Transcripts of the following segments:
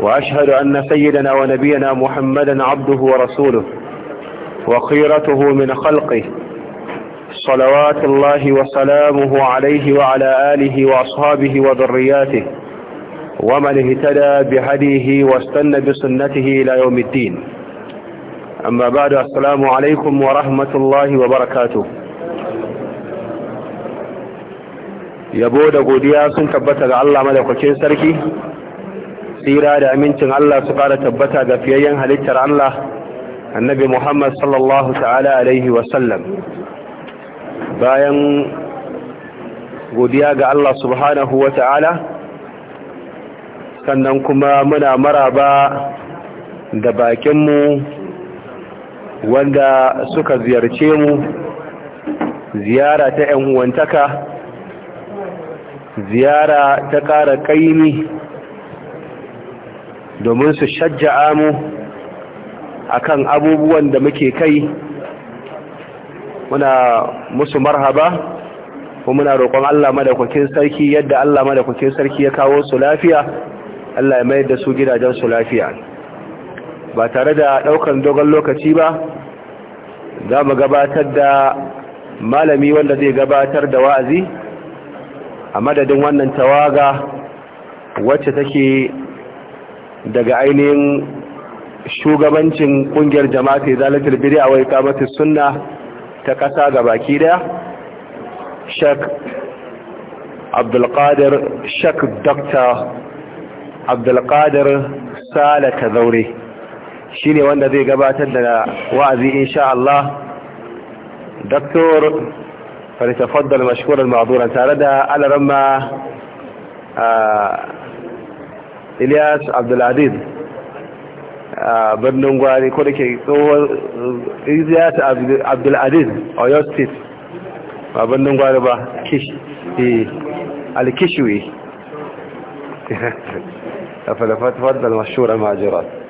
وأشهد أن سيدنا ونبينا محمدا عبده ورسوله وخيرته من خلقه صلوات الله وسلامه عليه وعلى آله وأصحابه وذرياته ومن اهتدى بهديه واستنى بسنته إلى يوم الدين أما بعد السلام عليكم ورحمة الله وبركاته يبود da godiya sun tabbata ga tsira da amincin Allah su ƙara tabbata ga fiyayyen halittar Allah annabi Muhammad sallallahu ta'ala alaihi wasallam bayan godiya ga Allah subhanahu wa ta'ala sannan kuma muna maraba da bakinmu wanda suka ziyarce mu ziyara ta 'yan uwantaka ziyara ta ƙara ƙaimi domin su shajja'a mu akan abubuwan da muke kai muna musu marhaba kuma muna roƙon Allah madaukakin sarki yadda Allah madaukakin sarki ya kawo su lafiya Allah ya mayar da su gidajen su lafiya ba tare da ɗaukan dogon lokaci ba za mu gabatar da malami wanda zai gabatar da wa'azi a madadin wannan tawaga wacce take daga ainihin shugabancin kungiyar zalatar Biri, a wai iqamati sunna ta kasa baki daya shak abdulkadir shak dr abdulkadir zaure shi ne wanda zai gabatar da wa'azi insha Allah doktor faritafaddar mashkurar ma'aduran tare da alaramma ah, ilyas abdulaziz a birnin gwari ko da ke tsohon ilyas abdulaziz oyo state ba birnin gwari ba e, alkishwe ta falafat wadda mashura majirat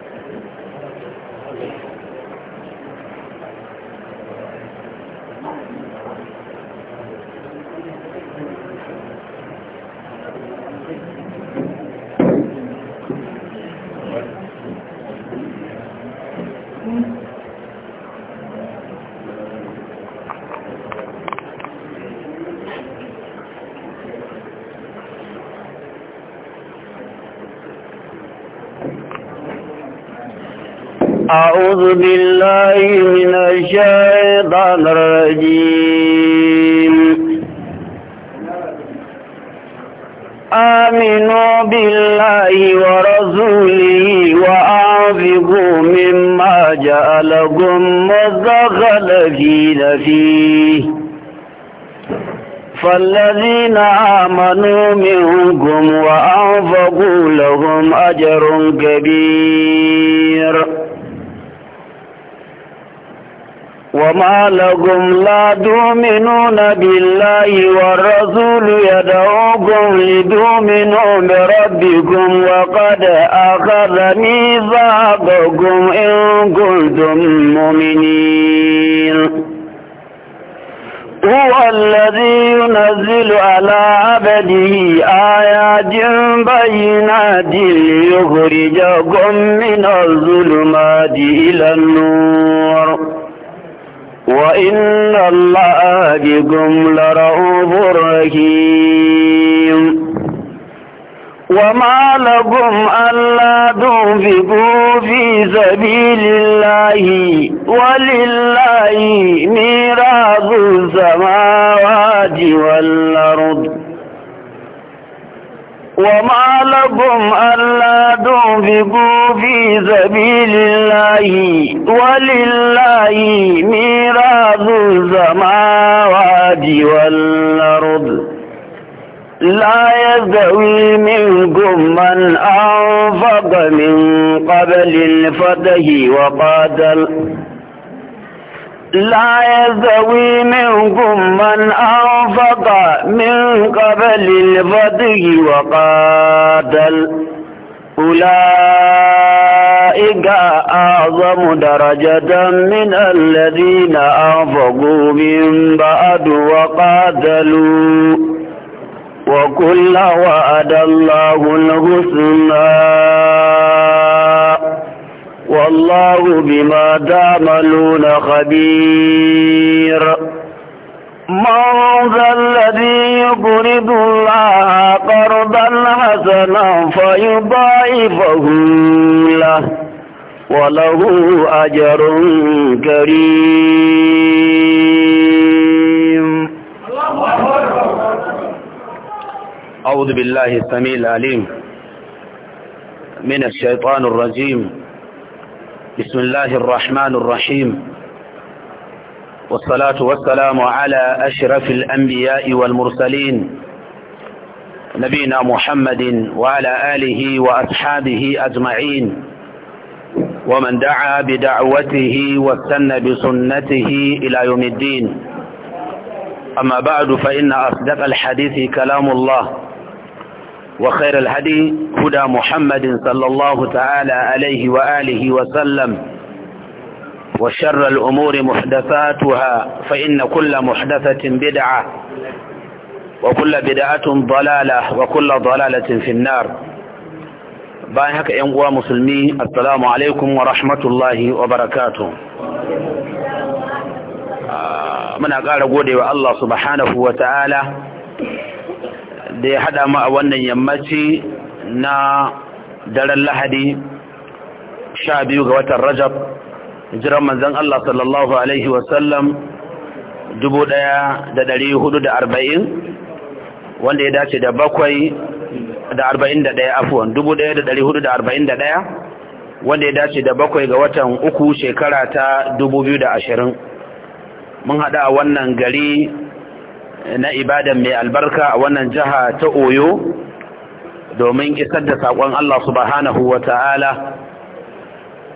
بالله من الشيطان الرجيم آمنوا بالله ورسوله وأعفقوا مما جعلكم مستخلفين فيه فالذين آمنوا منكم وأنفقوا لهم أجر كبير وما لكم لا تؤمنون بالله والرسول يدعوكم لتؤمنوا بربكم وقد أخذ ميثاقكم إن كنتم مؤمنين هو الذي ينزل على عبده آيات بينات ليخرجكم من الظلمات إلى النور وإن الله بكم لرؤوف رحيم وما لكم ألا تنفقوا في سبيل الله ولله ميراث السماوات والأرض وما لكم ألا تنفقوا في سبيل الله ولله ميراث السماوات والأرض لا يستوي منكم من أنفق من قبل الفتح وقاتل لا يزوي منكم من أنفق من قبل الفتح وقاتل أولئك أعظم درجة من الذين أنفقوا من بعد وقاتلوا وكل وعد الله الحسنى والله بما تعملون خبير من ذا الذي يقرض الله قرضا حسنا فيضاعفه له وله أجر كريم أعوذ بالله السميع العليم من الشيطان الرجيم بسم الله الرحمن الرحيم والصلاة والسلام على أشرف الأنبياء والمرسلين نبينا محمد وعلى آله وأصحابه أجمعين ومن دعا بدعوته واستنى بسنته إلى يوم الدين أما بعد فإن أصدق الحديث كلام الله وخير الهدي هدى محمد صلى الله تعالى عليه وآله وسلم وشر الأمور محدثاتها فإن كل محدثة بدعة وكل بدعة ضلالة وكل ضلالة في النار bayan haka ‘yan uwa musulmi assalamu alaikum wa rahmatullahi wa barakatu muna ƙara gode da ya haɗa mu a wannan yammaci na daren lahadi sha biyu ga watan rajab jiran manzan Allah sallallahu Alaihi wasallam dubu ɗaya da ɗari hudu da arba'in wanda ya dace da bakwai da arba'in da ɗaya afuwan dubu ɗaya da ɗari hudu da arba'in da ɗaya wanda ya dace da bakwai ga watan uku shekara ta dubu biyu da ashirin mun haɗa a wannan gari na ibadan mai albarka a wannan jiha ta oyo domin isar da saƙon Allah subhanahu wa ta'ala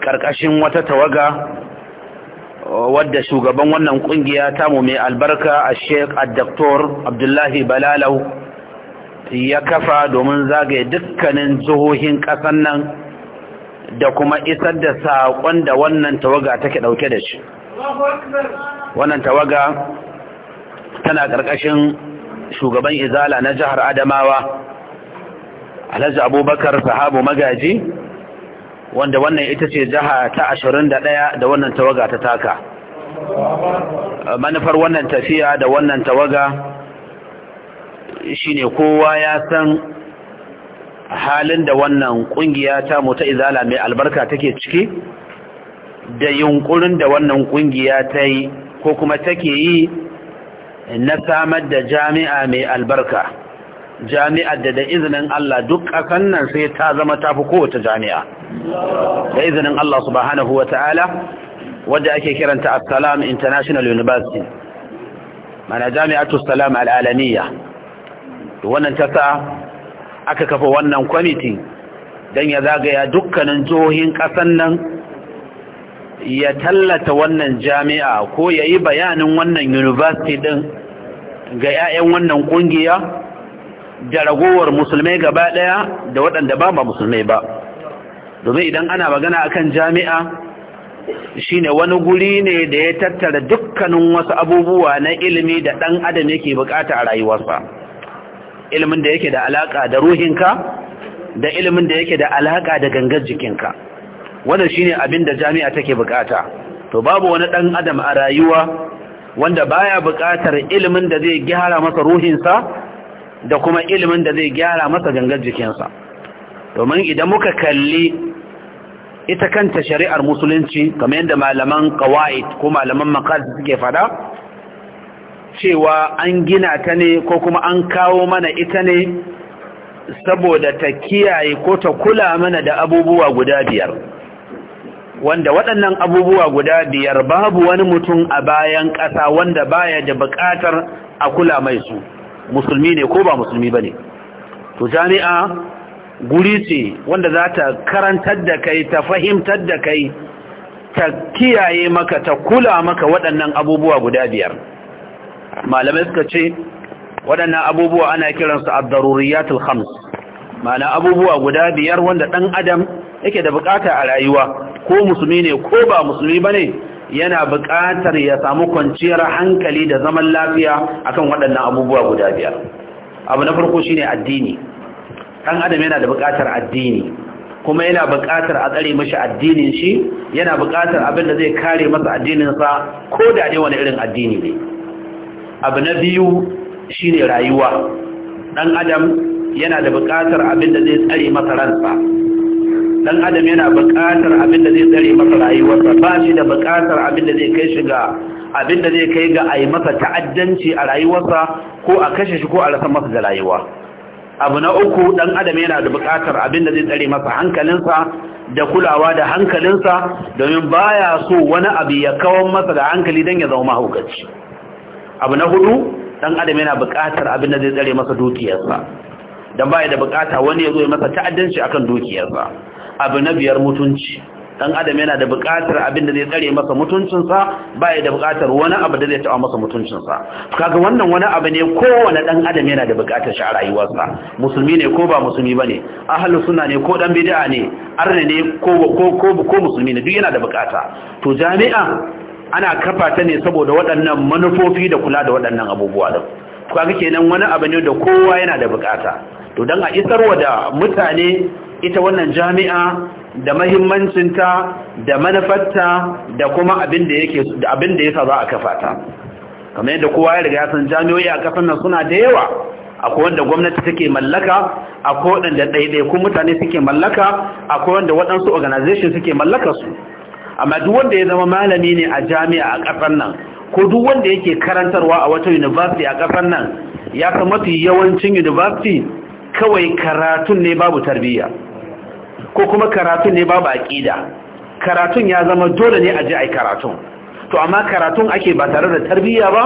ƙarƙashin wata tawaga uh, wadda shugaban wannan ƙungiya ta mu mai albarka a sheik addaktor abdullahi balalau ya kafa domin zagaye dukkanin jihohin ƙasan nan da kuma isar da saƙon da wannan tawaga take ɗauke da shi wannan tawaga tana ƙarƙashin shugaban izala na jihar adamawa alhaji abubakar sahabu magaji wanda wannan ita ce jiha ta ashirin da ɗaya da wannan tawaga ta taka manufar wannan tafiya da wannan tawaga shine kowa ya san halin da wannan ƙungiya ta mu ta izala mai albarka take ciki da yunkurin da wannan ƙungiya ta yi ko kuma take yi na samar da jami'a mai albarka jami'ar da da izinin Allah duk kan nan sai ta zama tafi kowace jami'a da izinin Allah subhanahu wa ta'ala wadda ake kiranta Assalam International University mana jami'atu Salam al'alamiya wannan ta sa aka kafa wannan kwamiti don ya zagaya dukkanin jihohin kasan nan ya tallata wannan jami'a ko ya yi bayanin wannan university din ga 'ya'yan wannan ƙungiya da ragowar musulmai gaba ɗaya da waɗanda ba ba musulmai ba domin idan ana magana a kan jami'a shine wani guri ne da ya tattara dukkanin wasu abubuwa na ilimi da ɗan adam yake bukata a rayuwarsa ilimin da yake da alaƙa da ruhinka da ilimin da yake da alaƙa da gangar jikinka wannan shine abin da jami'a take bukata to babu wani ɗan adam a rayuwa wanda baya buƙatar ilimin da zai gyara masa ruhinsa da kuma ilimin da zai gyara masa gangar jikinsa domin idan muka kalli ita kanta shari'ar musulunci kamar yadda malaman qawaid ko malaman makarci suke fada cewa an gina ta ne ko kuma an kawo mana ita ne saboda ta kiyaye ko ta kula mana da abubuwa guda biyar wanda waɗannan abubuwa guda biyar babu wani mutum a bayan ƙasa wanda baya da buƙatar a kula mai su musulmi ne ko ba musulmi ba ne to jami'a guri ce wanda za ta karantar da kai ta fahimtar da kai ta kiyaye maka ta kula maka waɗannan abubuwa guda biyar malamai suka ce waɗannan abubuwa ana kiransu a daruriyatul Hams, ma'ana abubuwa guda biyar wanda ɗan adam yake da bukata a rayuwa ko musulmi ne ko ba musulmi ba ne? yana buƙatar ya samu kwanciyar hankali da zaman lafiya akan waɗannan abubuwa guda biyar abu na farko shine addini ɗan adam yana da buƙatar addini kuma yana buƙatar a tsare mashi addinin shi yana buƙatar abin da zai kare masa addininsa ko da ne wani irin addini ne abu na biyu shine rayuwa ɗan adam yana da buƙatar abin da zai tsare masa ransa dan adam yana buƙatar abin da zai tsare masa rayuwarsa ba shi da buƙatar abin da zai kai shi ga abin da zai kai ga a masa ta'addanci a rayuwarsa ko a kashe shi ko a rasa masa da rayuwa abu na uku dan adam yana da buƙatar abin da zai tsare masa hankalinsa da kulawa da hankalinsa domin baya so wani abu ya kawo masa da hankali dan ya zama mahaukaci abu na hudu dan adam yana buƙatar abin da zai tsare masa dukiyarsa dan baya da bukata wani ya zo ya masa ta'addanci akan dukiyarsa abu na biyar mutunci dan adam yana da buƙatar abin da zai tsare masa mutuncinsa baya da buƙatar wani abu da zai taɓa masa mutuncinsa kaga wannan wani abu ne kowanne dan adam yana da buƙatar shi a rayuwarsa musulmi ne ko ba musulmi bane ahlus sunna ne ko dan bid'a ne arne ne ko ko ko musulmi ne duk yana da buƙata to jami'a ana kafa ta ne saboda waɗannan manufofi da kula da waɗannan abubuwa da kaga kenan wani abu ne da kowa yana da buƙata to don a isarwa da mutane ita wannan jami'a da mahimmancinta da manufarta da kuma abin da ya sa za a kafa ta kamar yadda kowa ya riga san jami'o'i a kasan nan suna da yawa akwai wanda gwamnati take mallaka akwai wanda ɗaiɗaikun mutane suke mallaka akwai wanda waɗansu organization suke mallaka su amma duk wanda ya zama malami ne a jami'a a ƙasar nan ko duk wanda yake karantarwa a wata university a ƙasar nan ya san mafi yawancin university kawai karatun ne babu tarbiyya ko kuma karatun ne babu aƙida karatun ya zama dole ne a ji ai karatun to amma karatun ake ba tare da tarbiyya ba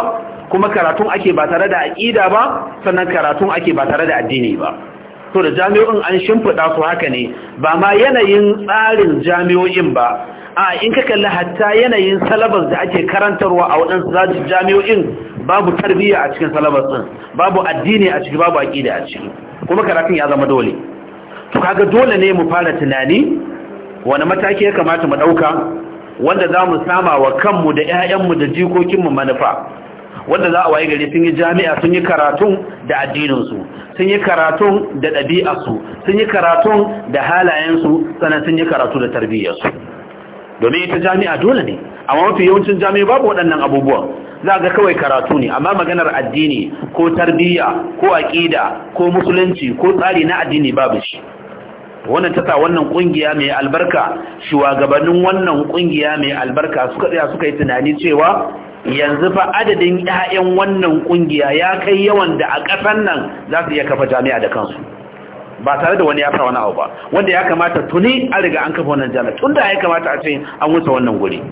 kuma karatun ake ba tare da aƙida ba sannan karatun ake ba tare da addini ba to da jami'o'in an shimfiɗa su haka ne ba ma yanayin tsarin jami'o'in ba a in ka kalli hatta yanayin salabar da ake karantarwa a waɗansu jami'o'in babu tarbiyya a cikin salabar sun babu addini a ciki babu aƙida a ciki kuma karatun ya zama dole to kaga dole ne mu fara tunani wani mataki ya kamata mu ɗauka, wanda za mu sama wa kanmu da 'ya'yanmu da jikokinmu manufa wanda za a waye gari sun yi jami'a sun yi karatun da addininsu sun yi karatun da ɗabi'arsu sun yi karatun da halayensu sannan sun yi karatu da tarbiyyarsu domin ita jami'a dole ne amma mafi yawancin jami'a babu waɗannan abubuwan za ga kawai karatu ne amma maganar addini ko tarbiyya ko aƙida ko musulunci ko tsari na addini babu shi wannan tasa wannan kungiya mai albarka shugabannin wannan kungiya mai albarka suka tsaya suka yi tunani cewa yanzu fa adadin 'ya'yan wannan kungiya ya kai yawan da a ƙasar nan za su iya kafa jami'a da kansu ba tare da wani ya fara wani abu ba wanda ya kamata tuni a riga an kafa wannan jami'a tun da ya kamata a ce an wuce wannan guri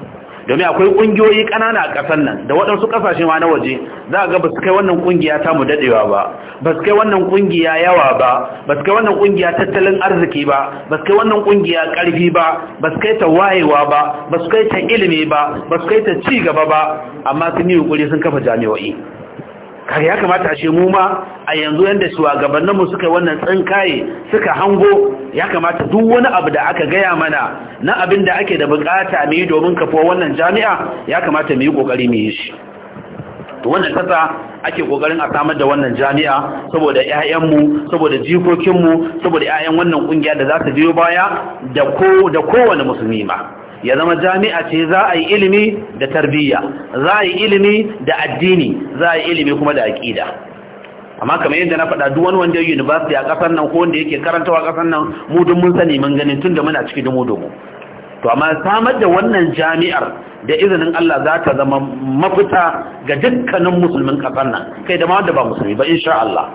domin akwai kungiyoyi kanana a kasar nan da waɗansu kasashe ma na waje za a ga ba su kai wannan kungiya ta mu dadewa ba ba su kai wannan kungiya yawa ba ba su kai wannan kungiya tattalin arziki ba ba su kai wannan kungiya karfi ba ba su kai ta wayewa ba ba su kai ta ilimi ba ba su kai ta ci gaba ba amma sun yi hukuri sun kafa jami'o'i Kare ya kamata a ce mu ma a yanzu yanda shugabannin mu suka wannan tsinkaye suka hango ya kamata duk wani abu da aka gaya mana na abin da ake da bukata mu yi domin kafuwa wannan jami'a ya kamata mu kokari mu yi shi to wannan kasa ake kokarin a samar da wannan jami'a saboda ƴaƴanmu saboda jikokinmu saboda ƴaƴan wannan kungiya da za ta biyo baya da da kowane musulmi ba. ya zama jami'a ce za a yi ilimi da tarbiyya za a yi ilimi da addini za a yi ilimi kuma da aƙida amma kamar yadda na faɗa duk wani wanda ya university a ƙasar nan ko wanda yake karantawa a ƙasar nan mu duk mun sani mun ganin tun da muna ciki dumu dumu to amma samar da wannan jami'ar da izinin Allah za ta zama mafita ga dukkanin musulmin ƙasar nan kai da ma wanda ba musulmi ba insha Allah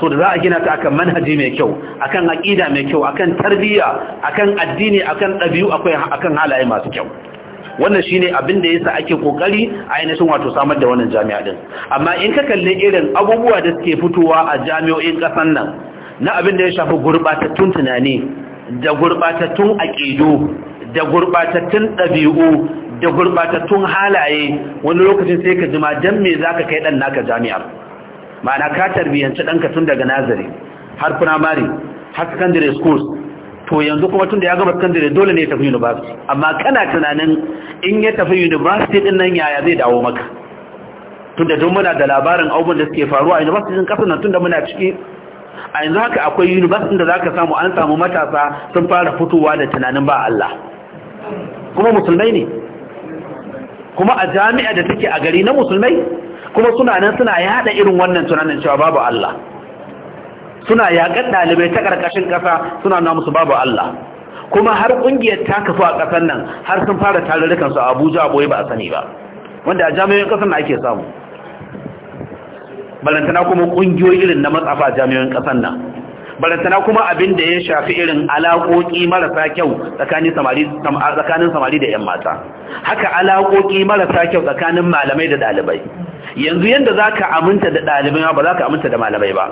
to da za a gina ta akan manhaji mai kyau akan aqida mai kyau akan tarbiyya akan addini akan dabi'u akwai akan halaye masu kyau wannan shine abin da yasa ake kokari a ainihin wato samar da wannan jami'a din amma in ka kalle irin abubuwa da suke fitowa a jami'o'in kasan nan na abin da ya shafi gurbatattun tunani da gurbatattun aƙidu, da gurbatattun dabi'u da gurbatattun halaye wani lokacin sai ka jima dan me zaka kai dan naka jami'ar ma'ana ka tarbiyyanci ɗanka tun daga nazari har firamare har secondary schools to yanzu kuma tun da ya gama secondary dole ne ya tafi university amma kana tunanin in ya tafi university din nan yaya zai dawo maka Tun da don muna da labarin abubuwan da suke faruwa a university din kasar nan da muna ciki a yanzu haka akwai university da za ka samu an samu matasa sun fara fitowa da tunanin ba Allah kuma musulmai ne kuma a jami'a da take a gari na musulmai kuma suna nan suna yada irin wannan tunanin cewa babu Allah suna yaƙar ɗalibai ta ƙarƙashin ƙasa suna na musu babu Allah kuma har ƙungiyar ta kafu a ƙasar nan har sun fara tarurrukan su Abuja boye ba a sani ba wanda a jami'o'in ƙasar na ake samu balantana kuma ƙungiyoyi irin na matsafa a jami'o'in ƙasar nan balantana kuma abin da ya shafi irin alaƙoƙi marasa kyau tsakanin samari da 'yan mata haka alaƙoƙi marasa kyau tsakanin malamai da ɗalibai yanzu yanda ka aminta da ɗalibai ba za ka aminta da malamai ba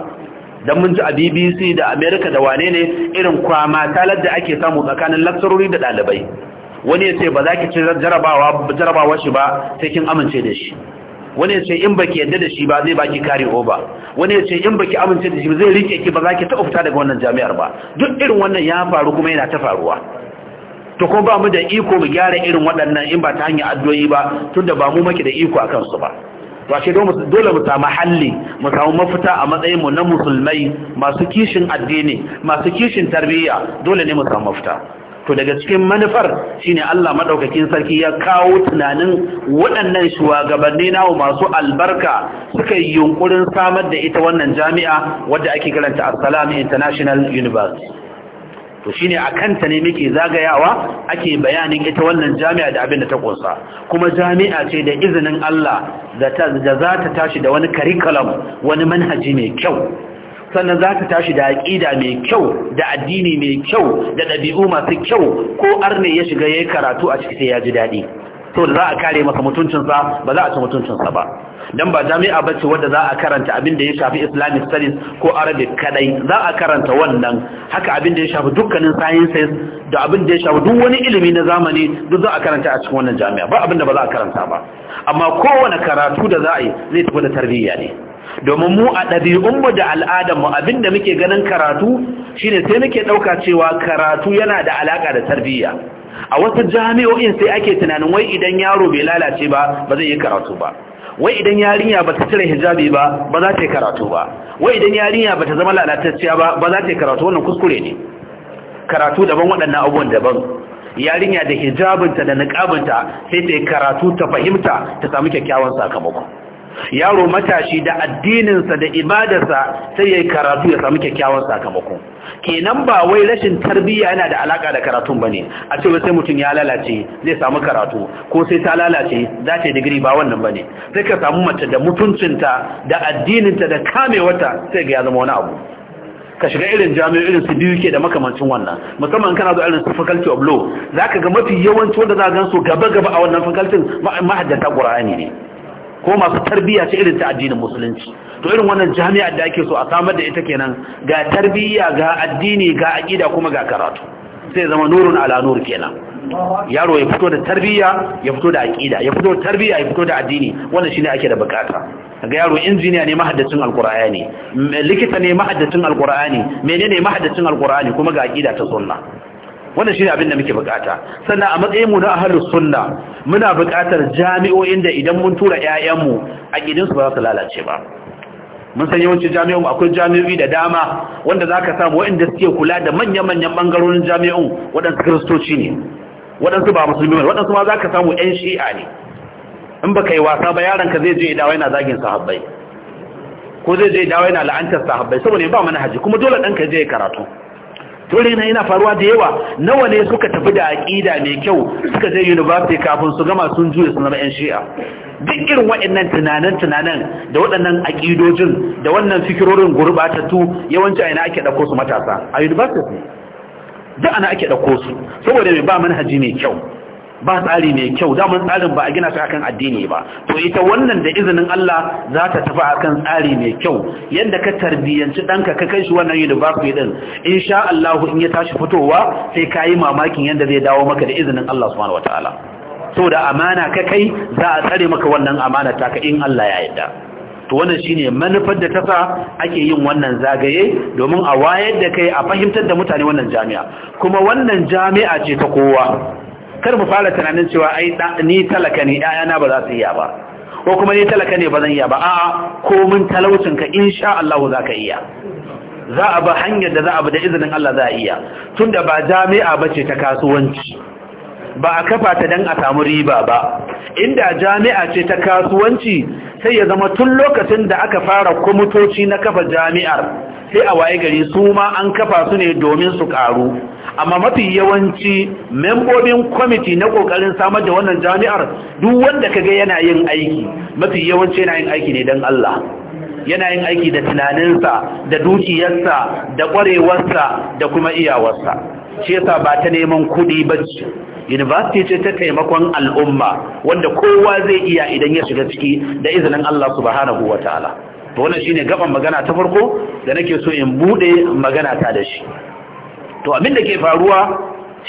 Don mun ji a BBC da America da wane ne irin kwama talar da ake samu tsakanin lakcarori da ɗalibai wani ya ce ba za ki ce jarabawa shi ba sai kin amince da shi wani ya ce in ba ki yadda da shi ba zai baki kare ba. wani ya ce in baki amince da shi zai rike ki ba za ki taɓa fita daga wannan jami'ar ba duk irin wannan ya faru kuma yana ta faruwa to kuma ba mu da iko mu gyara irin waɗannan in ba ta hanyar addu'o'i ba tunda ba mu maki da iko akan su ba to ashe dole mu samu halli mu samu mafita a matsayin mu na musulmai masu kishin addini masu kishin tarbiyya dole ne mu samu mafita to daga cikin manufar shine Allah madaukakin sarki ya kawo tunanin waɗannan shugabanni nawo masu albarka suka yi yunkurin samar da ita wannan jami'a wadda ake karanta Assalam International University to shine a kanta ne muke zagayawa ake bayanin ita wannan jami'a da abin da ta ƙunsa? kuma jami'a ce da izinin Allah da za ta tashi da wani curriculum wani manhaji mai kyau sannan za ta tashi da aƙida mai kyau da addini mai kyau da ɗabi'u masu kyau ko arne ya shiga ya yi karatu a ciki sai ya ji daɗi da za a kare masa mutuncinsa ba za a ci mutuncinsa ba dan ba jami'a ba ce wadda za a karanta abin da ya shafi Islamic studies ko Arabic kadai za a karanta wannan haka abin da ya shafi dukkanin sciences da abin ya shafi duk wani ilimi na zamani duk za a karanta a cikin wannan jami'a ba abin da ba za a karanta ba amma kowane karatu da za a yi zai tafi da tarbiyya ne domin mu a ɗabi'unmu da al'adar mu abin da muke ganin karatu shine sai muke ɗauka cewa karatu yana da alaƙa da tarbiyya a wasu jami'o'in sai ake tunanin wai idan yaro bai lalace ba ba zai yi karatu ba wai idan yarinya ba ta cire hijabi ba ba za ta yi karatu ba wai idan yarinya ba ta zama lalatacciya ba ba za ta yi karatu wannan kuskure ne karatu daban waɗannan abubuwan daban yarinya da hijabinta da niƙabinta sai ta yi karatu ta fahimta ta samu kyakkyawan sakamako yaro matashi da addininsa da ibadarsa sai ya yi karatu ya samu kyakkyawan sakamako kenan ba wai rashin tarbiyya yana da alaka da karatun ba ne a ce sai mutum ya lalace zai samu karatu ko sai ta lalace za ta yi digiri ba wannan ba ne sai ka samu mace da mutuncinta da addininta da wata sai ga ya zama wani abu ka shiga irin jami'o irin su biyu ke da makamancin wannan musamman kana zuwa irin su faculty of law za ka ga mafi yawanci wanda za a gan su gaba-gaba a wannan faculty ma'addata ƙura'ani ne ko masu tarbiyya ce irin ta addinin musulunci to irin wannan jami'ar da ake so a samar da ita kenan ga tarbiyya ga addini ga aqida kuma ga karatu sai zama nurun ala nur kenan yaro ya fito da tarbiyya ya fito da aqida ya fito da tarbiyya ya fito da addini wannan shine ake da bukata ga yaro injiniya ne mahaddacin alqur'ani likita ne mahaddacin alqur'ani menene mahaddacin alqur'ani kuma ga aqida ta sunna wannan shine abin da muke bukata sannan a matsayin mu na ahlus sunna muna bukatar jami'o'in da idan mun tura ƴaƴan mu a gidansu ba za su lalace ba mun san yawancin jami'o'in akwai jami'o'i da dama wanda zaka samu waɗanda suke kula da manya-manyan bangarorin jami'o'in waɗansu kristoci ne waɗansu ba musulmi ne waɗansu ma zaka samu ƴan shi'a ne in baka yi wasa ba yaron ka zai je dawo yana zagin sahabbai ko zai je dawo yana la'antar sahabbai saboda ba manhaji kuma dole ɗan ka je karatu tore na yana faruwa da yawa nawa ne suka tafi da aƙida mai kyau suka je university kafin su gama sun juya su zama 'yan shi'a duk irin waɗannan tunanan tunanan da waɗannan aƙidojin da wannan fikirorin gurbatattu yawanci a ina ake ɗauko su matasa a university duk ana ake ɗauko su saboda mai ba manhaji mai kyau ba tsari mai kyau damar tsarin ba a gina shi akan addini ba to ita wannan da izinin Allah za ta tafi akan tsari mai kyau yadda ka tarbiyyanci ɗanka ka kai shi wannan university din insha Allah in ya tashi fitowa sai ka yi mamakin yadda zai dawo maka da izinin Allah subhanahu wataala so da amana ka kai za a tsare maka wannan amana taka in Allah ya yarda to wannan shine manufar da tasa ake yin wannan zagaye domin a wayar da kai a fahimtar da mutane wannan jami'a kuma wannan jami'a ce ta kowa kar mu fara tunanin cewa ai ni talaka ne ƴaƴana ba za su iya ba ko kuma ni talaka ne ba zan iya ba a'a ko mun talaucin ka insha Allah za ka iya za a ba hanyar da za a da izinin Allah za a iya tunda ba jami'a ce ta kasuwanci ba a kafa ta dan a samu riba ba inda jami'a ce ta kasuwanci sai ya zama tun lokacin da aka fara kwamitoci na kafa jami'ar sai a waye gari su ma an kafa su ne domin su karu amma mafi yawanci membobin kwamiti na kokarin samar da wannan jami'ar duk wanda kaga yana yin aiki mafi yawanci yana yin aiki ne don Allah yana yin aiki da tunaninsa da dukiyarsa da kwarewarsa da kuma iyawarsa shi yasa ba ta neman kuɗi ba ce university ce ta taimakon al'umma wanda kowa zai iya idan ya shiga ciki da izinin Allah subhanahu wataala to wannan shine gaban magana ta farko da nake so in bude magana ta da shi to abin da ke faruwa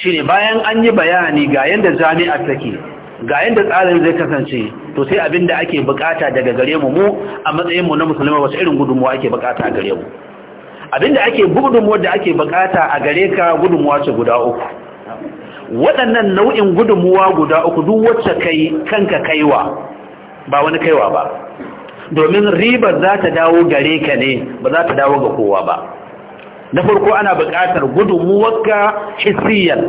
shine bayan an yi bayani ga yanda jami'a take ga yanda tsarin zai kasance to sai abin da ake bukata daga gare mu mu a matsayin mu na musulmai wasu irin gudunmuwa ake bukata a gare mu abin da ake gudunmuwa da ake bukata a gare ka gudunmuwa ce guda uku waɗannan nau'in gudunmuwa guda uku duk wacce kai kanka kaiwa ba wani kaiwa ba domin ribar za ta dawo gare ka ne ba za ta dawo ga kowa ba na farko ana buƙatar gudunmuwarka hisiyan.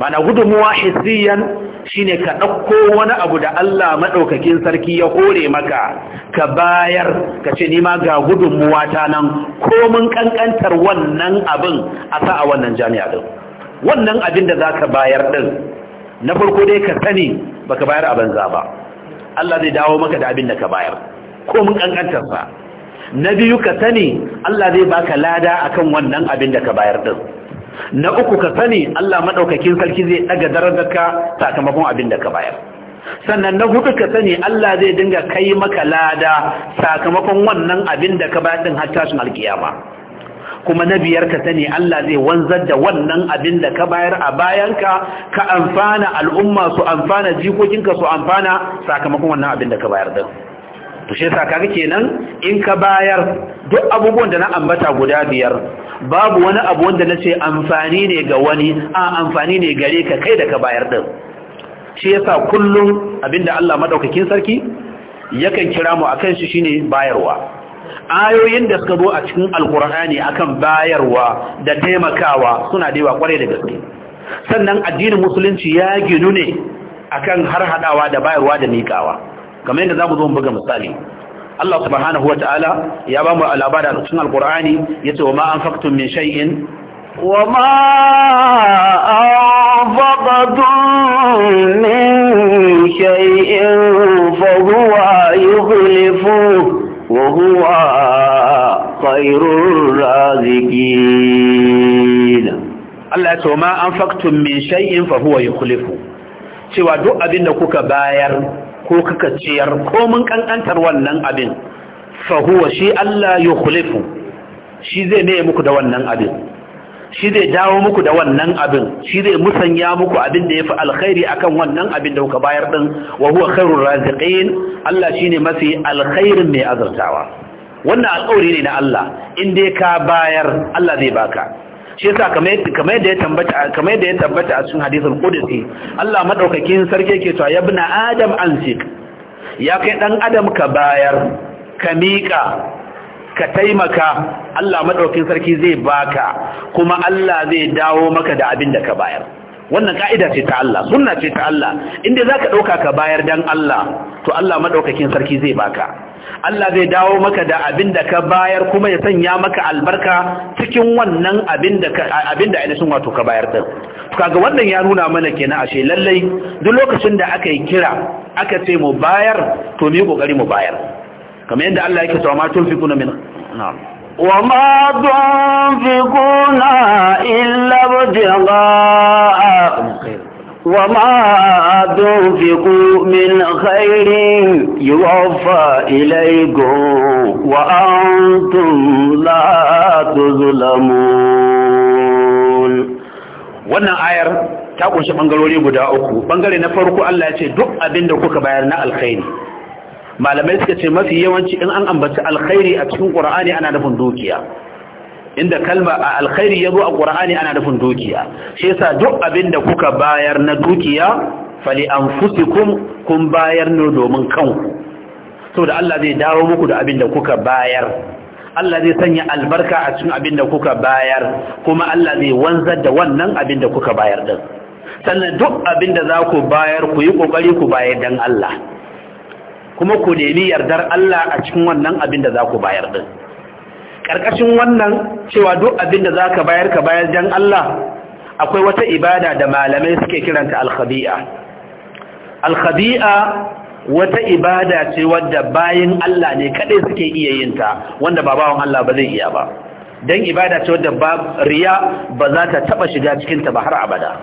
mana gudunmuwa hissiyan shine ka ɗauko wani abu da Allah maɗaukakin sarki ya kore maka ka bayar ka ce nima ga gudunmuwa ta nan komin ƙanƙantar wannan abin a sa a wannan jami'a ɗin wannan abin da za ka bayar ɗin na farko dai ka sani ba ka bayar a banza ba Allah zai dawo maka da abin da ka bayar ko mun kankantar sa na biyu ka sani Allah zai baka lada akan wannan abin da ka bayar din na uku ka sani Allah madaukakin sarki zai daga darajarka sakamakon abin da ka bayar sannan na hudu ka sani Allah zai dinga kai maka lada sakamakon wannan abin da ka bayar bayan har tashin alkiyama kuma na biyar ka sani Allah zai wanzar da wannan abin da ka bayar a bayanka ka amfana al'umma su amfana jikokinka su amfana sakamakon wannan abin da ka bayar din to shi yasa kaga kenan in ka bayar duk abubuwan da na ambata guda biyar babu wani abu wanda na ce amfani ne ga wani a amfani ne gare ka kai da ka bayar din shi yasa kullum abinda Allah madaukakin sarki yakan kira mu akan shi shine bayarwa ayoyin da suka zo a cikin alkur'ani akan bayarwa da taimakawa suna da yawa kware da gaske sannan addinin musulunci ya ginu ne akan har hadawa da bayarwa da miƙawa kamar yadda zamu zo mu buga misali Allah subhanahu wata'ala ya ba mu labarin cikin alqur'ani yace wa ma anfaqtum min shay'in wa ma anfaqtum min shay'in fa huwa yukhlifu wa huwa khairur raziqin Allah ya ce ma an min shay'in fa huwa yukhlifu cewa duk abin da kuka bayar ko kaka ciyar ko mun kankantar wannan abin fa shi Allah yukhlifu shi zai ne muku da wannan abin shi zai dawo muku da wannan abin shi zai musanya muku abin da ya fi alkhairi akan wannan abin da kuka bayar din wa huwa khairur raziqin Allah shine mafi alkhairin mai azurtawa wannan alƙawari ne na Allah in dai ka bayar Allah zai baka shi yasa kamar yadda ya tambata tabbata a cikin hadisul qudsi Allah madaukakin sarki yake cewa ya ibn adam ansik ya kai dan adam ka bayar ka mika ka taimaka Allah madaukakin sarki zai baka kuma Allah zai dawo maka da abin da ka bayar wannan ka'ida ce ta Allah sunna ce ta Allah inda zaka dauka ka bayar dan Allah to Allah madaukakin sarki zai baka Allah zai dawo maka da abin da ka bayar kuma ya sanya maka albarka cikin wannan abin da ainihin wato ka bayar din kaga wannan ya nuna mana kenan ashe lallai duk lokacin da aka yi kira aka ce mu bayar to mu yi kokari mu bayar kamar yadda Allah yake cewa ma kuna min وما تنفقون إلا ابتغاء وما تنفقوا من خير يوفى إليكم وأنتم لا تظلمون wannan ayar ta kunshi bangarori guda uku bangare na farko Allah ya ce duk abin da kuka bayar na alkhairi malamai suka ce mafi yawanci in an ambaci alkhairi a cikin Qur'ani ana nufin dukiya inda kalma a alkhairi ya zo a ƙura'ani ana nufin dukiya shi yasa duk abin da kuka bayar na dukiya fali an fusi kun bayar ne domin kanku saboda Allah zai dawo muku da abin da kuka bayar Allah zai sanya albarka a cikin abin da kuka bayar kuma Allah zai wanzar da wannan abin da kuka bayar din sannan duk abin da za ku bayar ku yi ƙoƙari ku bayar dan Allah kuma ku nemi yardar Allah a cikin wannan abin da za ku bayar din ƙarƙashin wannan cewa duk abin da za ka bayar ka bayar don Allah akwai wata ibada da malamai suke kiranta alkhabi'a alkhabi'a wata ibada ce wadda bayin Allah ne kaɗai suke iya yin ta wanda ba bawan Allah ba zai iya ba don ibada ce wadda ba riya ba za ta taɓa shiga cikinta ba har abada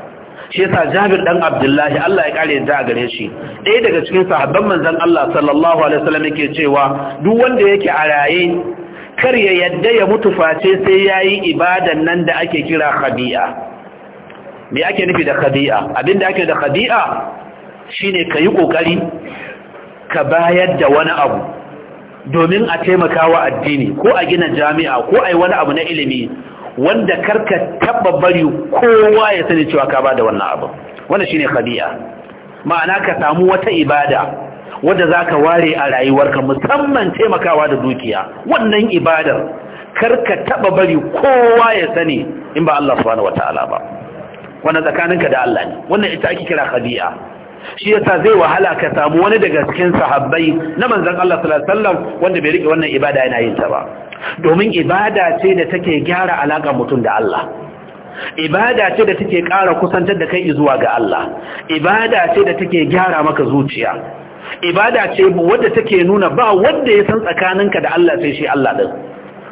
shi yasa Jabir dan Abdullahi Allah ya kare da gare shi ɗaya daga cikin sahabban manzon Allah sallallahu alaihi wasallam yake cewa duk wanda yake a raye kar ya yadda ya mutu face sai ya yi ibadan nan da ake kira kabi'a. me ake nufi da khadi'a abinda ake da khadi'a shine ka yi kokari ka bayar da wani abu domin a taimakawa addini ko a gina jami'a ko a yi wani abu na ilimi wanda karka taɓa bari kowa ya sani cewa ka bada wannan abu wannan shine khadi'a ma'ana ka samu wata ibada Wanda za ka ware a rayuwarka musamman taimakawa da dukiya wannan ibadar karka taba bari kowa ya sani in ba Allah subhanahu wataala ba wannan tsakaninka da Allah ne wannan ita ake kira khabi'a shi yasa zai wahala ka samu wani daga cikin sahabbai na manzon Allah sallallahu alaihi wasallam wanda bai rike wannan ibada yana yin ta ba domin ibada ce da take gyara alaka mutum da Allah ibada ce da take ƙara kusantar da kai zuwa ga Allah ibada ce da take gyara maka zuciya ibada ce wadda take nuna ba wadda ya san tsakaninka da Allah sai shi Allah din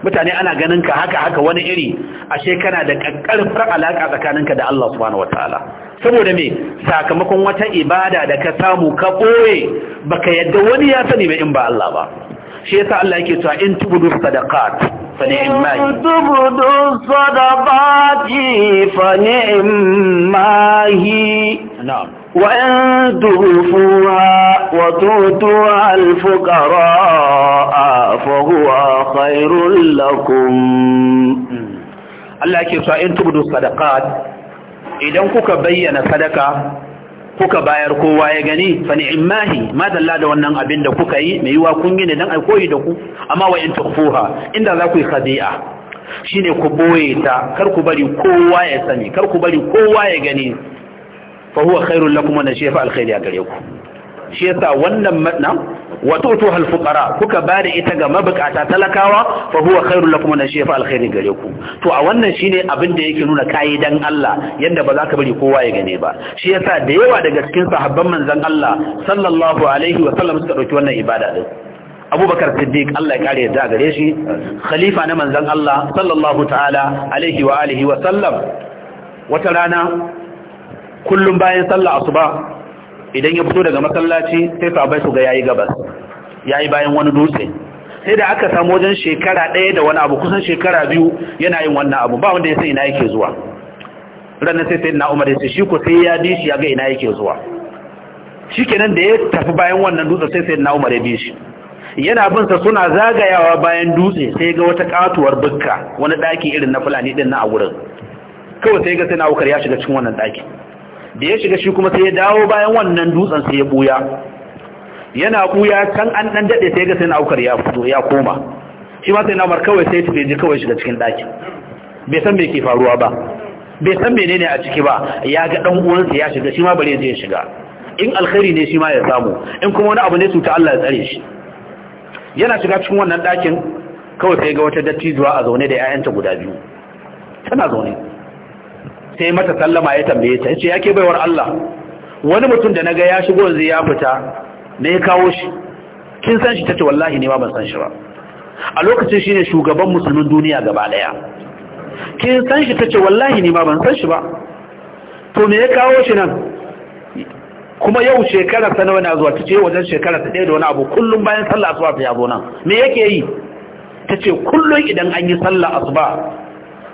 mutane ana ganin ka haka haka wani iri ashe kana da kakkarfar alaka tsakaninka da Allah subhanahu wataala saboda me sakamakon wata ibada da ka samu ka boye baka yadda wani ya sani ba in ba Allah ba shi yasa Allah yake cewa in tubudu sadaqat fa ni'ma tubudu وإن تغفوها وتؤتوها الفقراء فهو خير لكم الله يكي سواء إن تبدو الصدقات إذا كوك بيّن صدقة kuka bayar kowa ya gani fa ni'mahi ma da wannan abin da kuka yi mai yiwa kun yi dan alkoyi da ku amma wa in inda za ku yi khadi'a shine ku boye ta kar ku bari kowa ya sani kar ku bari kowa ya gani fa huwa khairul lakum wannan shi yafi alkhairi a gare ku shi yasa wannan matna wa tutu hal fuqara kuka bada ita ga mabukata talakawa fa huwa khairul lakum wannan shi yafi alkhairi gare ku to a wannan shine abin da yake nuna kai dan Allah yanda ba za ka bari kowa ya gane ba shi yasa da yawa daga cikin sahabban manzon Allah sallallahu alaihi wa sallam suka dauki wannan ibada din abubakar siddiq Allah ya kare yadda a gare shi khalifa na manzon Allah sallallahu ta'ala alaihi wa alihi wa sallam wata rana kullum bayan sallah asuba idan ya fito daga masallaci sai bai su ga yayi gabas yayi bayan wani dutse sai da aka samu wajen shekara ɗaya da wani abu kusan shekara biyu yana yin wannan abu ba wanda ya san ina yake zuwa ranar sai sai na umar ya ce shi ko sai ya bi shi ya ga ina yake zuwa shi kenan da ya tafi bayan wannan dutse sai sai na umar ya bi shi yana bin sa suna zagayawa bayan dutse sai ga wata katuwar bukka wani daki irin na fulani din na a wurin kawai sai ga sai na ukar ya shiga cikin wannan daki da ya shiga shi kuma sai ya dawo bayan wannan dutsen sai ya buya yana buya can an dan dade sai ga sai na aukar ya fito ya koma shi ma sai na mar kawai sai tafi ji kawai shiga cikin daki bai san me ke faruwa ba bai san menene a ciki ba ya ga dan uwansa ya shiga shi ma bare zai shiga in alkhairi ne shi ma ya samu in kuma wani abu ne cuta Allah ya tsare shi yana shiga cikin wannan dakin kawai sai ga wata dattijuwa a zaune da 'ya'yanta guda biyu tana zaune sai mata sallama ya tambaye ta yace yake baiwar Allah wani mutum da naga ya shigo yanzu ya fita me ya kawo shi kin san shi tace wallahi ne ma ban san shi ba a lokacin shine shugaban musulmin duniya gaba daya kin san shi tace wallahi ne ma ban san shi ba to me ya kawo shi nan kuma yau shekara ta nawa na zuwa tace wajen shekara ta ɗaya da wani abu kullum bayan sallah asuba ta yabo nan me yake yi tace kullum idan an yi sallah asuba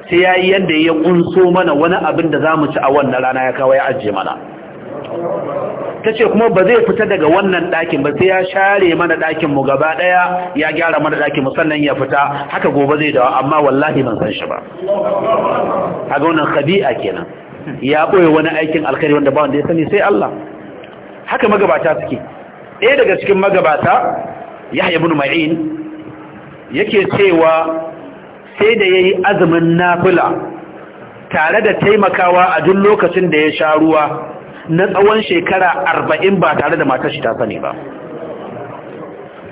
sai ya yi yadda ya kunso mana wani abin da za mu ci a wannan rana ya kawo ya ajiye mana ta ce kuma ba zai fita daga wannan ɗakin ba sai ya share mana ɗakin mu gaba ɗaya ya gyara mana ɗakin mu sannan ya fita haka gobe zai dawa amma wallahi ban san shi ba a ga wannan khabi'a kenan ya ɓoye wani aikin alkhairi wanda ba wanda ya sani sai Allah haka magabata suke ɗaya daga cikin magabata Yahya ibn Ma'in yake cewa sai da ya yi azumin nafila tare da taimakawa a duk lokacin da ya sha ruwa na tsawon shekara arba'in ba tare da matar shi ta sani ba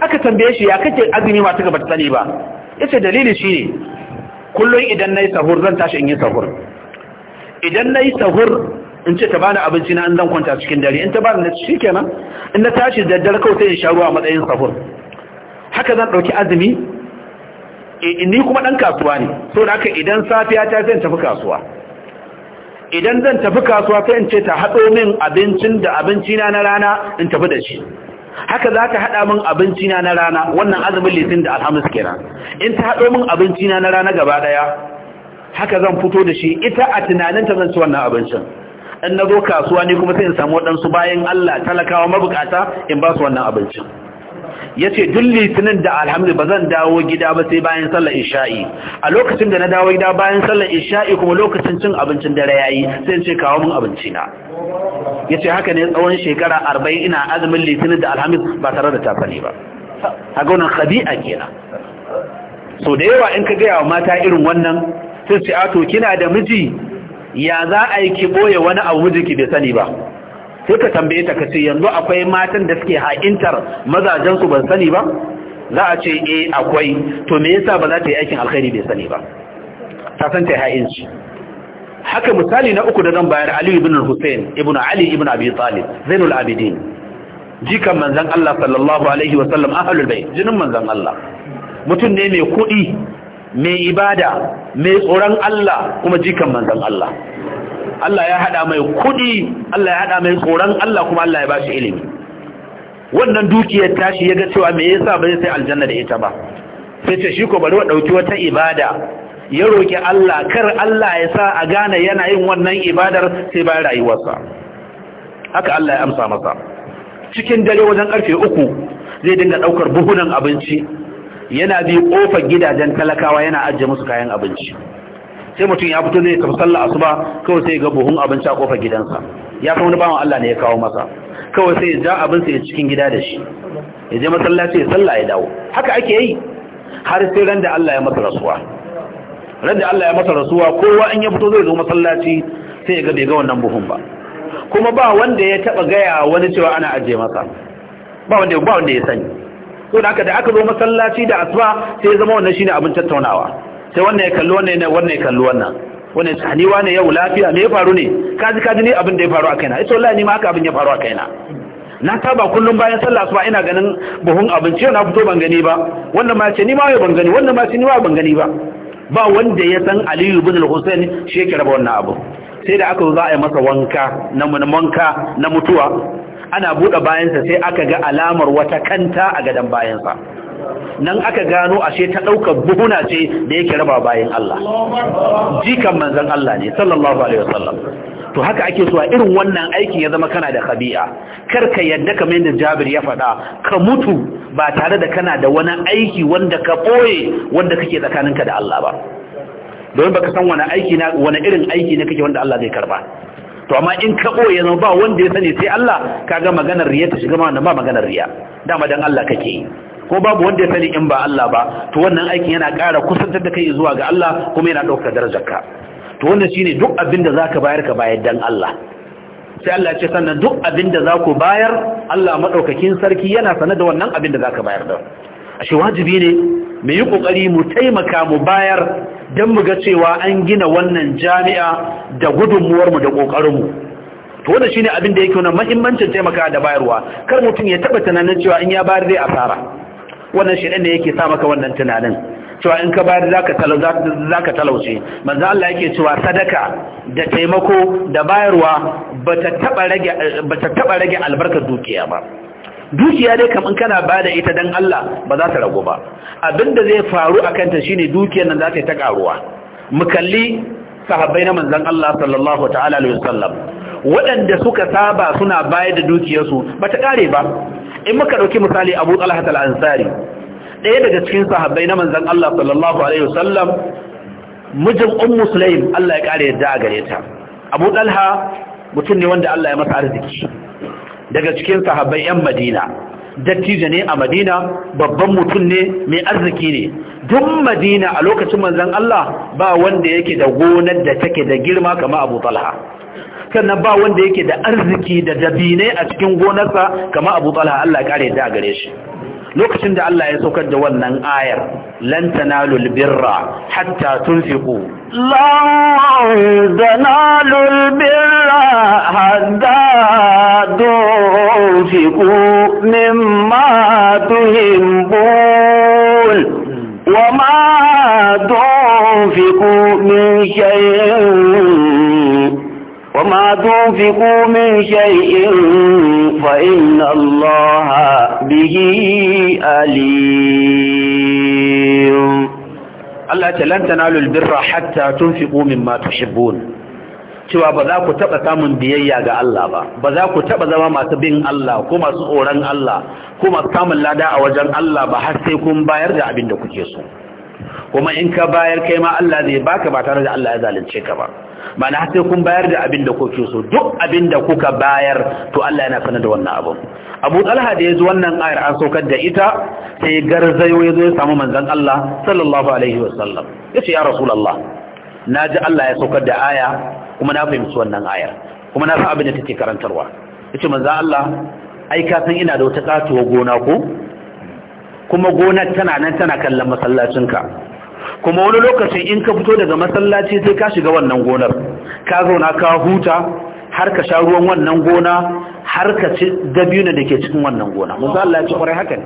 aka tambaye shi ya kake azumi masu gaba ta sani ba yace dalili shi ne kullum idan na yi sahur zan tashi in yi sahur idan na yi sahur in ce ta bani abinci na in zan kwanta cikin dare in ta bani na shi kenan in na tashi daddare kawai sai in sha ruwa a matsayin sahur haka zan ɗauki azumi Eh, ni kuma ɗan kasuwa ne so da haka idan safiya ta zai tafi kasuwa idan zan tafi kasuwa sai in ta haɗo min abincin da abincina na rana in tafi da shi haka za ta haɗa min abincina na rana wannan azumin litin da alhamis kenan in ta haɗo min abincina na rana gaba ɗaya haka zan fito da shi ita a tunanin ta zan ci wannan abincin in na zo kasuwa ne kuma sai in samu waɗansu bayan Allah talakawa mabukata in ba su wannan abincin ya ce duk litinin da alhamdu ba zan dawo gida ba sai bayan sallar isha'i a lokacin da na dawo gida bayan sallar isha'i kuma lokacin cin abincin dare ya yi sai ce kawo min abinci na ya ce haka ne tsawon shekara arba'in ina azumin litinin da alhamdu ba tare da tafali ba haka wannan khadi'a kenan so da yawa in ka gaya wa mata irin wannan sai ce ato kina da miji ya za a yi ki boye wani abu mijinki bai sani ba sai ka tambaye ta ce yanzu akwai matan da suke ha'intar mazajen su ban sani ba za a ce eh akwai to me yasa ba za ta yi aikin alkhairi bai sani ba ta san ta ha'inci haka misali na uku da zan bayar Ali ibn Hussein ibn Ali ibn Abi Talib Zainul Abidin jikan manzon Allah sallallahu alaihi wa sallam ahlul bait jinin manzon Allah mutum ne mai kudi mai ibada mai tsoron Allah kuma jikan manzon Allah Allah ya hada mai kudi Allah ya hada mai tsoron Allah kuma Allah ya bashi ilimi wannan dukiyar tashi ya ga cewa me yasa ba sai aljanna da ita ba sai ce shi ko bari wa ɗauki wata ibada ya roki Allah kar Allah ya sa a gane yana yin wannan ibadar sai bayan rayuwarsa haka Allah ya amsa masa cikin dare wajen karfe uku zai dinga ɗaukar buhunan abinci yana bi kofar gidajen talakawa yana ajiye musu kayan abinci sai mutum ya fito zai tafi sallah asuba kawai sai ga buhun abinci a kofar gidansa ya san wani bawan Allah ne ya kawo masa kawai sai ya ja abin ya cikin gida da shi ya je masallaci ya sallah ya dawo haka ake yi har sai ran da Allah ya masa rasuwa ran da Allah ya masa rasuwa kowa in ya fito zai zo masallaci sai ya ga bai ga wannan buhun ba kuma ba wanda ya taba gaya wani cewa ana aje masa ba wanda ba wanda ya sani to da aka da aka zo masallaci da asuba sai ya zama wannan shine abin tattaunawa sai wannan ya kalli wannan ne wannan ya kalli wannan wannan ya ne wane yau lafiya me ya faru ne kaji kaji ne abin da ya faru a kaina ita wallahi ni ma haka abin ya faru a kaina na taba kullum bayan sallah asuba ina ganin buhun abinci na fito ban gani ba wannan ma ce ni ma ban gani wannan ma ce ni ma ban gani ba ba wanda ya san Aliyu ibn al-Husayn shi yake raba wannan abu sai da aka zo za a yi masa wanka na wanka na mutuwa ana buɗe bayansa sai aka ga alamar wata kanta a gadan bayansa nan aka gano ashe ta ɗaukar buhuna ce da yake raba bayan Allah jikan manzan Allah ne sallallahu alaihi wasallam to haka ake so a irin wannan aikin ya zama kana da khabi'a kar ka yadda kamar yadda Jabir ya faɗa ka mutu ba tare da kana da wani aiki wanda ka boye wanda kake tsakaninka da Allah ba don baka san wani aiki na wani irin aiki ne kake wanda Allah zai karba to amma in ka boye zama ba wanda ya sani sai Allah kaga maganar riya ta shiga ma ba maganar riya dama dan Allah kake yi ko babu wanda ya sani in ba Allah ba to wannan aikin yana ƙara kusantar da kai zuwa ga Allah kuma yana ɗaukar darajarka to wannan shine duk abin da zaka bayar ka bayar dan Allah sai Allah ya ce sannan duk abin da zaku bayar Allah madaukakin sarki yana sane da wannan abin da zaka bayar da ashe wajibi ne mu yi kokari mu taimaka mu bayar dan mu ga cewa an gina wannan jami'a da gudunmuwar mu da kokarin mu to wannan shine abin da yake wannan muhimmancin taimaka da bayarwa kar mutum ya taba tunanin cewa in ya bayar zai asara wannan shaidan ne yake sa maka wannan tunanin cewa in ka bayar za ka talauce manzan Allah yake cewa sadaka da taimako da bayarwa bata taba rage rage albarkar dukiya ba dukiya dai kaman kana bada ita don Allah ba za ta ragu ba abinda zai faru kanta shi shine dukiyar nan za ta yi ta karuwa mu kalli sahabbai na manzan Allah sallallahu ta'ala wa sallam. waɗanda suka saba suna bayar da dukiyarsu bata kare ba in muka dauki misali abu Talha al-ansari ɗaya daga cikin sahabbai na manzan Allah sallallahu alaihi wasallam mijin ummu sulaim Allah ya kare yadda gare ta abu talha mutum ne wanda Allah ya masa arziki daga cikin sahabbai yan madina dattijo ne a madina babban mutum ne mai arziki ne duk madina a lokacin manzan Allah ba wanda yake da gonar da take da girma kamar abu talha sannan ba wanda yake da arziki da dabinai a cikin gonarsa kama abu talha Allah kare ta gare shi lokacin da Allah ya saukar da wannan ayar lan tanalul birra hatta tunfiqu lan tanalul birra hatta tunfiqu mimma tuhibbun wa ma tunfiqu min shay'in وما تنفقوا من شيء فإن الله به أليم Allah ce lan tanalul birra hatta tunfiqu mimma tuhibbun cewa ba za ku taba samun biyayya ga Allah ba ba za ku taba zama masu bin Allah ko masu tsoron Allah ko masu samun lada a wajen Allah ba har sai kun bayar da abin da kuke so kuma in ka bayar kai ma Allah zai baka ba tare da Allah ya zalunce ka ba ma'ana har sai kun bayar da abin da kuke so duk abin da kuka bayar to Allah yana sanar da wannan abu Abu Talha da yazo wannan ayar an saukar da ita sai garzayo yazo ya samu manzon Allah sallallahu alaihi wasallam yace ya rasulullah naji Allah ya saukar da aya kuma na fahimci wannan ayar kuma na san abin da take karantarwa yace manzon Allah ai ka san ina da wata katuwa gona ko kuma gonar tana nan tana kallon masallacinka kuma wani lokacin in ka fito daga masallaci sai ka shiga wannan gonar ka zauna ka huta har ka sha ruwan wannan gona har ka ci dabino da ke cikin wannan gona musa Allah ya ci kwarai haka ne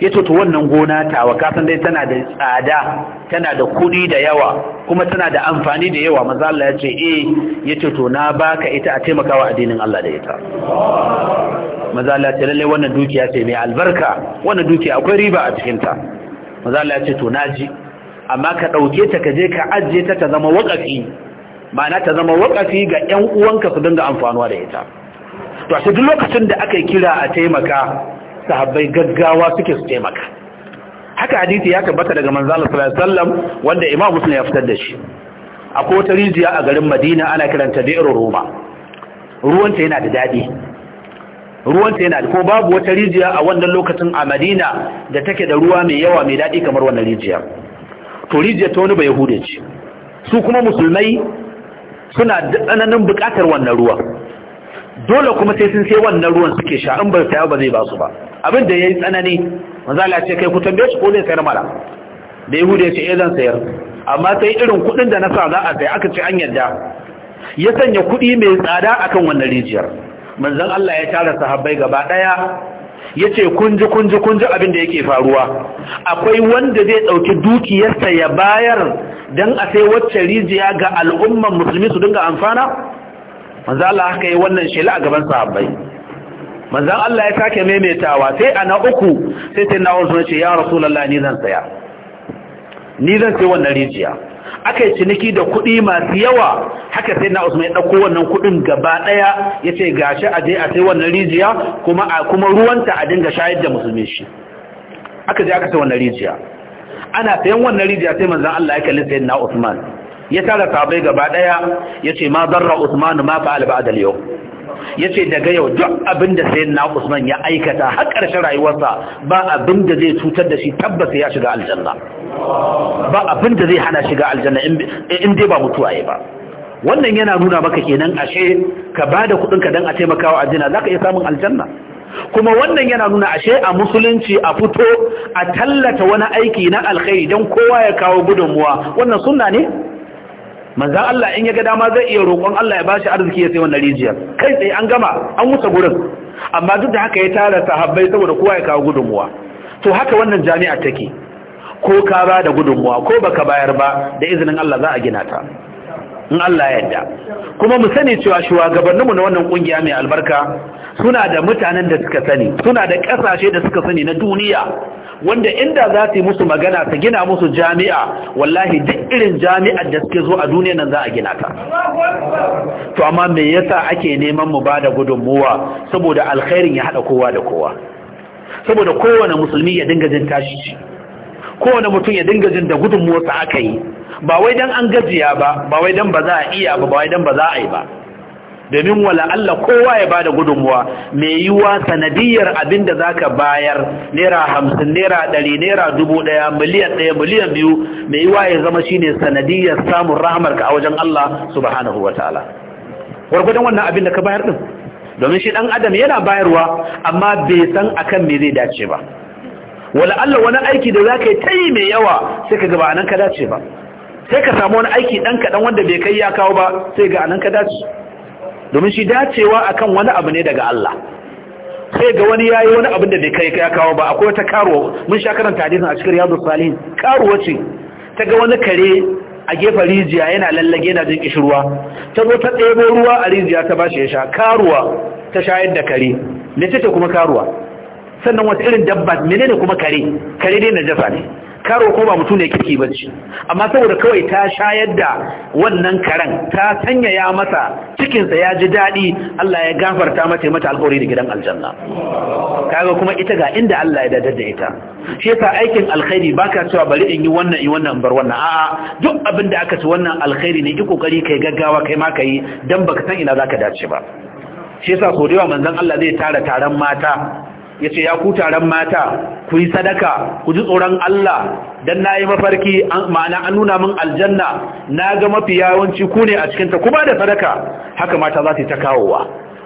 ya to wannan gona tawa kasan dai tana da tsada tana da kuɗi da yawa kuma tana da amfani da yawa maza Allah ya ce eh ya ce to na baka ita a taimakawa addinin Allah da ita maza Allah ya ce lalle wannan dukiya ce mai albarka wannan dukiya akwai riba a cikin ta maza Allah ya ce to naji amma ka ɗauke ta ka je ka ajiye ta ta zama waƙafi ma'ana ta zama waƙafi ga 'yan uwanka su dinga amfanuwa da ita to a duk lokacin da aka kira a taimaka sahabbai gaggawa suke su taimaka haka hadisi ya tabbata daga manzala sallallahu alaihi wasallam wanda imam muslim ya fitar da shi akwai wata rijiya a garin madina ana kiranta bi'ru roma Ruwan ta yana da dadi, ruwan ta yana da ko babu wata rijiya a wannan lokacin a madina da take da ruwa mai yawa mai daɗi kamar wannan rijiya to rijiyar ta wani ba yahude ce su kuma musulmai suna tsananin bukatar wannan ruwa dole kuma sai sun sai wannan ruwan suke sha in ba ba zai basu ba abin da ya yi tsanani manzo ce kai ku tambaye shi ko zai sayar mara da ya ce eh zan sayar amma sai irin kudin da na sa za a sai aka ce an yadda ya sanya kudi mai tsada akan wannan rijiyar manzon Allah ya tara sahabbai gaba daya ya kun ji kun ji kun ji abin da yake faruwa akwai wanda zai ɗauki dukiyarsa ya bayar dan a sai wacce rijiya ga al'umman musulmi su dinga amfana manzo Allah haka yi wannan shela a gaban sahabbai manzo Allah ya sake maimaitawa sai a na uku sai sai na wasu ce ya rasulullahi ni zan saya ni zan sai wannan rijiya aka yi ciniki da kuɗi masu yawa haka sai na usman ya ɗauko wannan kuɗin gaba ɗaya ya ce gashi a je a sai wannan rijiya kuma a kuma ruwanta a dinga shayar da musulmi shi aka je aka sai wannan rijiya ana sayan wannan rijiya sai manzon Allah ya kalli sayyidina Usman ya tara sabai gaba ɗaya ya ce ma zarra Usman ma fa'al ba'da al yau ya ce daga yau duk abin da sai na usman ya aikata har ƙarshen rayuwarsa ba abin da zai cutar da shi tabbas ya shiga aljanna ba abin da zai hana shiga aljanna in dai ba mutuwa ya ba wannan yana nuna maka kenan ashe ka bada kudin ka dan a taimakawa aljanna zaka iya samun aljanna kuma wannan yana nuna ashe a musulunci a fito a tallata wani aiki na alkhairi dan kowa ya kawo gudunmuwa wannan sunna ne manzan Allah in ya ga dama zai iya roƙon Allah ya bashi arziki ya sai wannan rijiyar kai sai an gama an wuce gurin amma duk da haka ya tara sahabbai saboda kowa ya kawo gudunmuwa to haka wannan jami'a take ko ka ba da gudunmuwa ko baka bayar ba da izinin Allah za a gina ta in Allah yadda kuma mu sani cewa shugabanninmu na wannan kungiya mai albarka suna da mutanen da suka sani suna da kasashe da suka sani na duniya wanda inda za su yi musu magana ta gina musu jami'a wallahi duk irin jami'ar da suke zo a duniya nan za a gina ta to amma me yasa ake neman mu bada gudunmuwa saboda alkhairin ya hada kowa da kowa saboda kowane musulmi ya dinga jin tashi kowane mutum ya dinga jin da motsa aka yi ba wai dan an gajiya ba ba wai dan ba za a iya ba ba wai dan ba za a yi ba domin wala Allah kowa ya bada gudunmuwa mai yiwa sanadiyar abin da zaka bayar naira hamsin naira ɗari naira dubu ɗaya miliyan ɗaya miliyan biyu mai yiwa ya zama shi ne sanadiyar samun rahamar ka a wajen Allah subhanahu wa ta'ala gwargwadon wannan abin da ka bayar din domin shi ɗan adam yana bayarwa amma bai san akan me zai dace ba wala Allah wani aiki da zaka yi mai yawa sai ka gaba ba anan ka dace ba sai ka samu wani aiki dan kadan wanda bai kai ya kawo ba sai ga anan ka dace domin shi dacewa akan wani abu ne daga Allah sai ga wani yayi wani abin da bai kai ya kawo ba akwai wata karuwa mun sha karanta hadisin a cikin riyadu salihin karuwa ce ta ga wani kare a gefen rijiya yana lallage yana jin kishirwa ta zo ta ɗebo ruwa a rijiya ta bashi ya sha karuwa ta shayar da kare mecece ce kuma karuwa sannan wata irin dabba menene kuma kare kare dai najasa ne karo ko ba mutum ne kirki ba amma saboda kawai ta shayar da wannan karen ta sanya ya masa cikinsa ya ji daɗi Allah ya gafarta mata ya mata alƙawari da gidan aljanna kaga kuma ita ga inda Allah ya dadar da ita shi yasa aikin alkhairi baka cewa bari in yi wannan in wannan bar wannan a'a duk abin da aka ci wannan alkhairi ne ki kokari kai gaggawa kai ma kai dan baka san ina zaka dace ba shi yasa so da yawa manzon Allah zai tara taron mata ya ce ya ku taron mata ku yi sadaka ku ji tsoron Allah don na yi mafarki ma'ana an nuna min aljanna na ga mafi yawanci ku ne a cikinta kuma da sadaka haka mata za su ta kawowa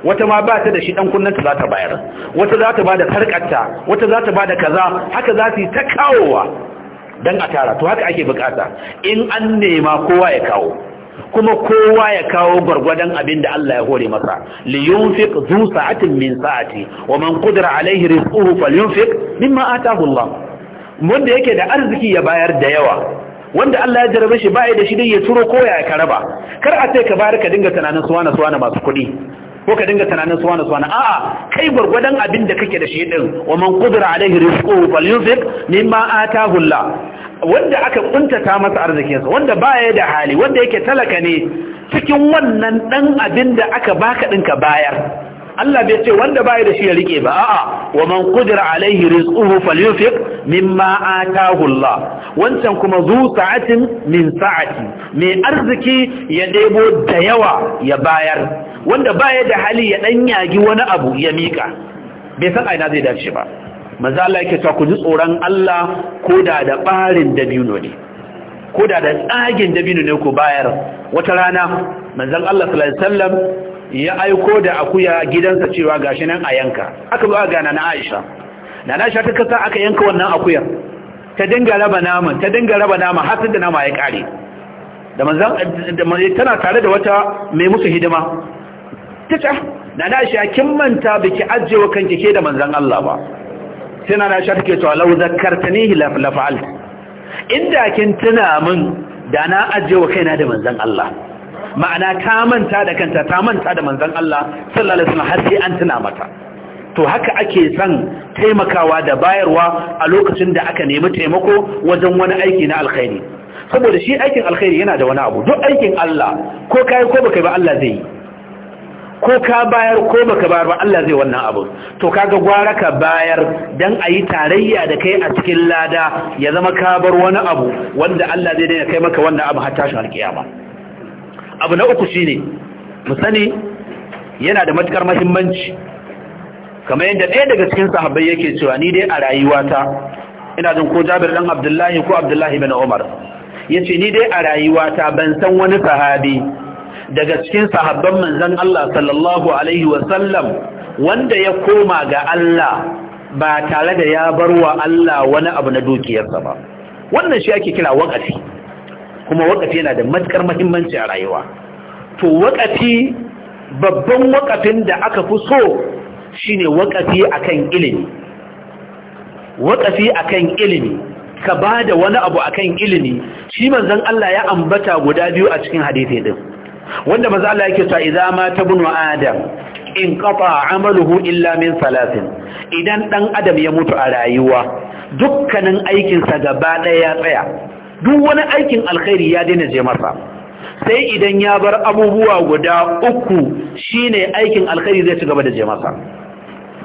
wata ma ba ta da shi ɗan kunnanta za ta bayar wata za ta ba da sarƙarta wata za ta ba da kaza haka za su ta kawowa don a tara to haka ake bukata in an nema kowa ya kawo kuma kowa ya kawo gwargwadon abin da Allah ya hore masa li yunfiq zu sa'atin min sa'ati wa man qadara alaihi rizquhu falyunfiq mimma ataahu Allah wanda yake da arziki ya bayar da yawa wanda Allah ya jarabe shi baya da shi dai ya turo ko ya karaba kar a sai ka bayar ka dinga tunanin suwana suwana masu kuɗi ko ka dinga tunanin suwa na suwa na a'a kai gwargwadon abin da kake da shi din wa man qudira alaihi rizquhu falyunfiq mimma atahu Allah wanda aka kuntata masa arzikinsa wanda baya da hali wanda yake talaka ne cikin wannan dan abin da aka baka din ka bayar Allah bai ce wanda bai da shi ya rike ba a'a wa man qudira alaihi rizquhu falyunfiq mimma ataahu Allah wancan kuma zu sa'atin min sa'ati mai arziki ya debo da yawa ya bayar wanda baya da hali ya dan yagi wani abu ya mika bai san aina zai dace ba manzo Allah yake cewa ku ji tsoron Allah koda da barin dabino ne koda da tsagin dabino ne ku bayar wata rana manzon Allah sallallahu alaihi wasallam ya aiko da akuya gidansa cewa gashi nan a yanka aka zo gana na Aisha na Aisha ta kasa aka yanka wannan akuya ta dinga raba naman ta dinga raba naman har da nama ya kare da manzan da tana tare da wata mai musu hidima tace ah, na Aisha kin manta biki ajewa kanki ke da manzan Allah ba sai na Aisha take cewa law zakartanihi la fa'al inda kin tuna min da na ajewa kaina da manzan Allah ma'ana ta manta da kanta ta manta da manzan Allah sallallahu alaihi wasallam har sai an tuna mata to haka ake san taimakawa da bayarwa a lokacin da aka nemi taimako wajen wani aiki na alkhairi saboda shi aikin alkhairi yana da wani abu duk aikin Allah ko kai ko baka ba Allah zai ko ka bayar ko baka bayar ba Allah zai wannan abu to kaga gwara ka bayar dan ayi tarayya da kai a cikin lada ya zama ka bar wani abu wanda Allah zai daina kai maka wannan abu har tashin alkiyama abu na uku shine mu sani yana da matukar muhimmanci kamar yadda ɗaya daga cikin sahabbai yake cewa ni dai a rayuwata ina jin ko Jabir dan Abdullahi ko Abdullahi bin Umar yace ni dai a rayuwata ban san wani sahabi daga cikin sahabban manzon Allah sallallahu alaihi wa sallam wanda ya koma ga Allah ba tare da ya barwa Allah wani abu na dukiyarsa ba wannan shi ake kira wakati. kuma wakafi yana da matukar mahimmanci a rayuwa to wakafi babban wakafin da aka fi so shine wakafi akan ilimi wakafi akan ilimi ka bada wani abu akan ilimi shi manzon Allah ya ambata guda biyu a cikin hadisi din wanda manzon Allah yake cewa idza ma tabnu adam in kafa amaluhu illa min salatin. idan dan adam ya mutu a rayuwa dukkanin aikinsa gaba daya ya tsaya duk wani aikin alkhairi ya daina je masa sai idan ya bar abubuwa guda uku shine aikin alkhairi zai ci gaba da je masa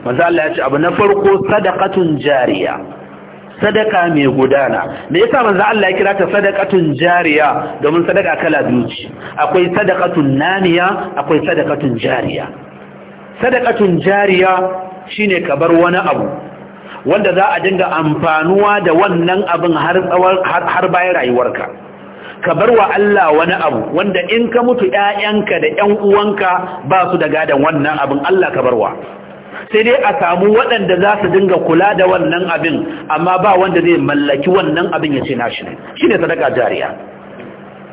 manzo Allah ya ce abu na farko sadaqatun jariya sadaka mai gudana me yasa manzo Allah ya kira ta sadaqatun jariya domin sadaka kala biyu ce akwai sadaqatun naniya akwai sadaqatun jariya sadaqatun jariya shine ka bar wani abu wanda za a dinga amfanuwa da wannan abin har bayan rayuwarka ka bar wa Allah wani abu wanda in ka mutu ‘ya'yanka da ‘yan uwanka ba su da gadon wannan abin Allah ka bar wa. sai dai a samu waɗanda za su dinga kula da wannan abin amma ba wanda zai mallaki wannan abin ya ce nashi ne shi ne sadaka jariya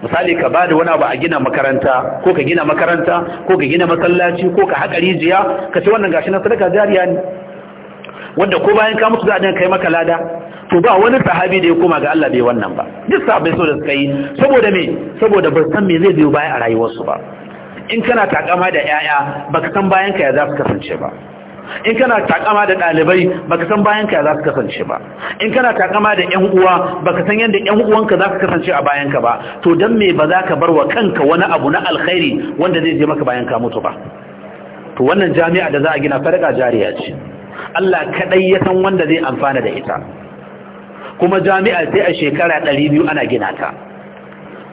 misali ka ba da wani abu a gina makaranta ko ka gina makaranta ko ka gina masallaci ko ka haƙa rijiya ka ce wannan gashi na sadaka jariya ne wanda ko bayan ka mutu za a dinga kai maka lada to ba wani sahabi da ya koma ga Allah bai wannan ba duk sahabbai so da suka yi saboda me saboda ba san me zai biyo baya a rayuwarsu ba in kana takama da yaya baka san bayan ka ya za su kasance ba in kana takama da dalibai baka san bayan ka ya za su kasance ba in kana takama da 'yan uwa baka san yadda ƴan uwanka za su kasance a bayan ka ba to dan me ba za ka bar wa kanka wani abu na alkhairi wanda zai je maka bayan ka mutu ba to wannan jami'a da za a gina sadaka jariya ce Allah kaɗai ya san wanda zai amfana da ita kuma jami'a sai a shekara ɗari biyu ana gina ta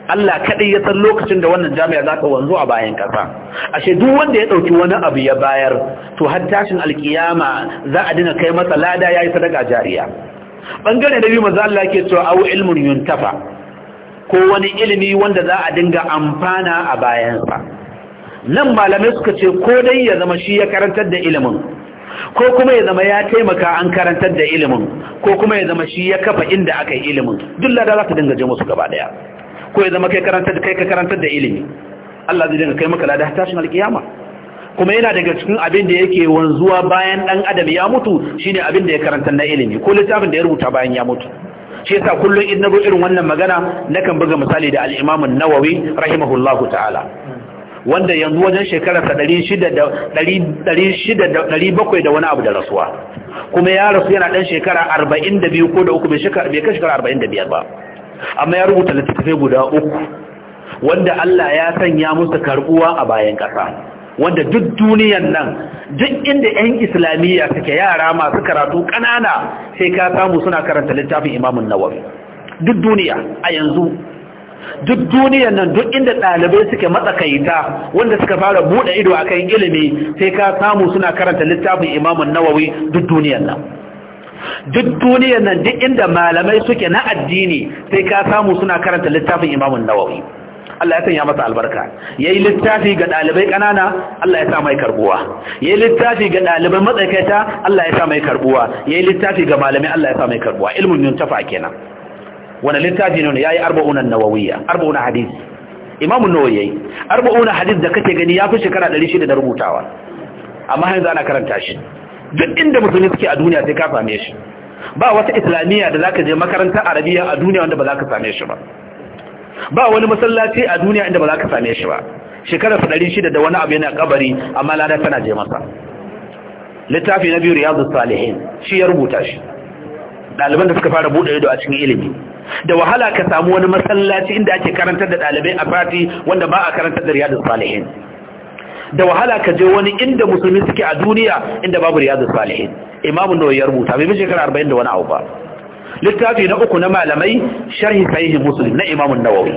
Allah kaɗai ya san lokacin da wannan jami'a za ta wanzu a bayan kasa ashe duk wanda ya ɗauki wani abu ya bayar to har tashin alkiyama za a dina kai masa lada ya yi sadaka jariya bangare da biyu maza Allah ke cewa awu ilmun yuntafa ko wani ilimi wanda za a dinga amfana a bayansa nan malamai suka ce ko dai ya zama shi ya karantar da ilimin ko kuma ya zama ya taimaka an karantar da ilimin ko kuma ya zama shi ya kafa inda aka yi ilimin duk lada za ta dinga je musu gaba daya ko ya zama kai karantar kai ka karantar da ilimi Allah zai dinga kai maka lada har tashin alkiyama kuma yana daga cikin abin da yake wanzuwa bayan dan adam ya mutu shine abin da ya karanta na ilimi ko littafin da ya rubuta bayan ya mutu shi yasa kullun in nazo irin wannan magana nakan buga misali da al-Imam an-Nawawi rahimahullahu ta'ala wanda yanzu wajen shekararsa 600 da wani abu da rasuwa kuma ya rasu yana ɗan shekara 42 ko da uku bai kan shekara 45 ba amma ya rubuta littattafai guda uku wanda Allah ya sanya musu karbuwa a bayan ƙasa wanda duk duniyan nan duk inda 'yan islamiyya suke yara masu karatu ƙanana sai ka samu suna karanta littafin imamun nawar duk duniya a yanzu duk duniyan nan duk inda ɗalibai suke matsakaita wanda suka fara buɗe ido akan ilimi sai ka samu suna karanta littafin imamun nawawi duk duniyan nan duk duniyan nan duk inda malamai suke na addini sai ka samu suna karanta littafin imamun nawawi Allah ya sanya masa albarka yayi littafi ga dalibai kanana Allah ya sa mai karbuwa yayi littafi ga dalibai matsakaita Allah ya sa mai karbuwa yayi littafi ga malamai, Allah ya sa mai karbuwa ilmun yuntafa kenan wani littafi ne ya yi arba'unan nawawiya arba'unan hadis imamu nawawi ya yi arba'unan hadis da kake gani ya fi shekara 600 da rubutawa amma yanzu ana karanta shi duk inda musulmi suke a duniya sai ka same shi ba wata islamiyya da zaka je makarantar arabiya a duniya wanda ba za ka same shi ba ba wani masallaci a duniya inda ba za ka same shi ba shekarar ɗari shida da wani abu yana kabari amma lada tana je masa littafi na biyu riyadu salihin shi ya rubuta shi ɗaliban da suka fara buɗe ido a cikin ilimi da wahala ka samu wani masallaci inda ake karantar da ɗalibai a fati wanda ba a karantar da riyadus salihin da wahala ka je wani inda musulmi suke a duniya inda babu riyadus salihin imamu nawawi ya rubuta bai shekara arba'in da wani abu ba littafi na uku na malamai sharhi sahihi musulmi na imamun nawawi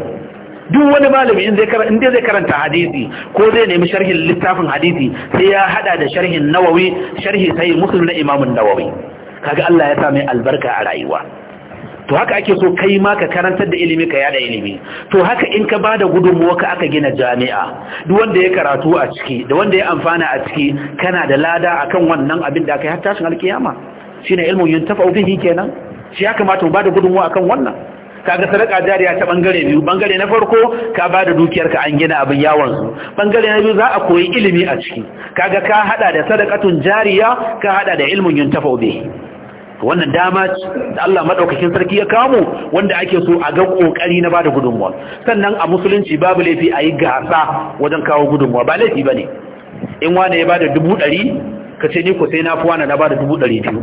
duk wani malami in zai karanta zai karanta hadisi ko zai nemi sharhin littafin hadisi sai ya hada da sharhin nawawi sharhi sahihi musulmi na imamu nawawi kaga Allah ya sa mai albarka a rayuwa to haka ake so kai ma ka karantar da ilimi ka yada ilimi to haka in ka bada gudunmuwa ka aka gina jami'a duk wanda ya karatu a ciki da wanda ya amfana a ciki kana da lada akan wannan abin da aka yi har tashin alkiyama shine ilmun yuntafa bihi kenan shi ya kamata mu bada gudunmuwa akan wannan kaga sadaka jariya ta bangare biyu bangare na farko ka bada dukiyar ka an gina abin yawon su bangare na biyu za a koyi ilimi a ciki kaga ka hada da sadakatun jariya ka hada da ilmun yuntafa bihi wannan dama da Allah madaukakin sarki ya kawo wanda ake so a ga kokari na bada gudunmuwa sannan a musulunci babu laifi a yi gasa wajen kawo gudunmuwa ba laifi bane in wani ya bada dubu ɗari ka ce ni ko sai na fi wani na bada dubu ɗari biyu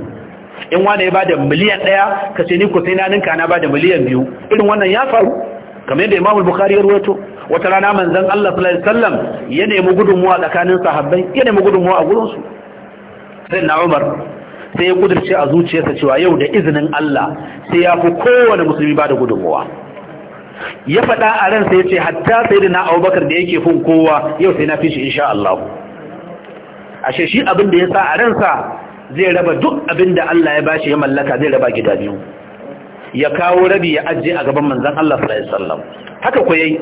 in wani ya bada miliyan ɗaya ka ce ni ko sai na ninka na bada miliyan biyu irin wannan ya faru kamar yadda Imam Bukhari ya rawaito wata rana manzon Allah sallallahu alaihi wasallam ya nemi gudunmuwa tsakanin sahabbai ya nemi gudunmuwa a gurin su sai na Umar sai ya kudurce a zuciyarsa cewa yau da izinin Allah sai ya fi kowane musulmi ba da gudunmuwa ya faɗa a ransa ya ce hatta sai da na abubakar da yake fin kowa yau sai na fi shi insha Allah ashe shi abin da ya sa a ransa zai raba duk abin da Allah ya bashi ya mallaka zai raba gida biyu ya kawo rabi ya ajiye a gaban manzan Allah sallallahu haka koyai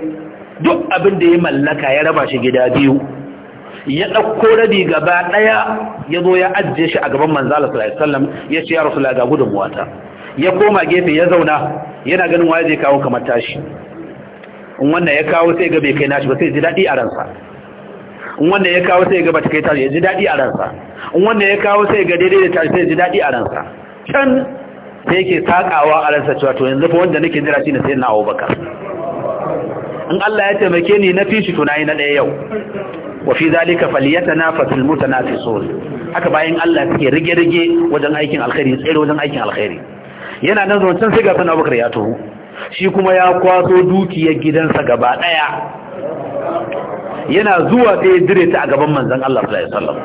duk abin da ya mallaka ya raba shi gida biyu ya ɗauko rabi gaba ɗaya ya zo ya ajiye shi a gaban manzala sallallahu ya ce ya laga gudun wata. ya koma gefe ya zauna yana ganin waye zai kawo kamar tashi in wannan ya kawo sai ga bai kai nashi ba sai ji daɗi a ransa in wannan ya kawo sai ga bata kai tashi ya ji daɗi a ransa in wannan ya kawo sai ga daidai da tashi sai ji daɗi a ransa can sai yake takawa a ransa cewa to yanzu fa wanda nake jira shine sai na Abubakar in Allah ya taimake ni na fishi to nayi na ɗaya yau wa fi zalika falyatanafasul mutanafisun haka bayan Allah suke rige-rige wajen aikin alkhairi tsere wajen aikin alkhairi yana nan zuwa can sai ga sanar bakar ya taho shi kuma ya kwaso dukiyar gidansa gaba daya yana zuwa sai ya dire ta a gaban manzon Allah sallallahu alaihi wasallam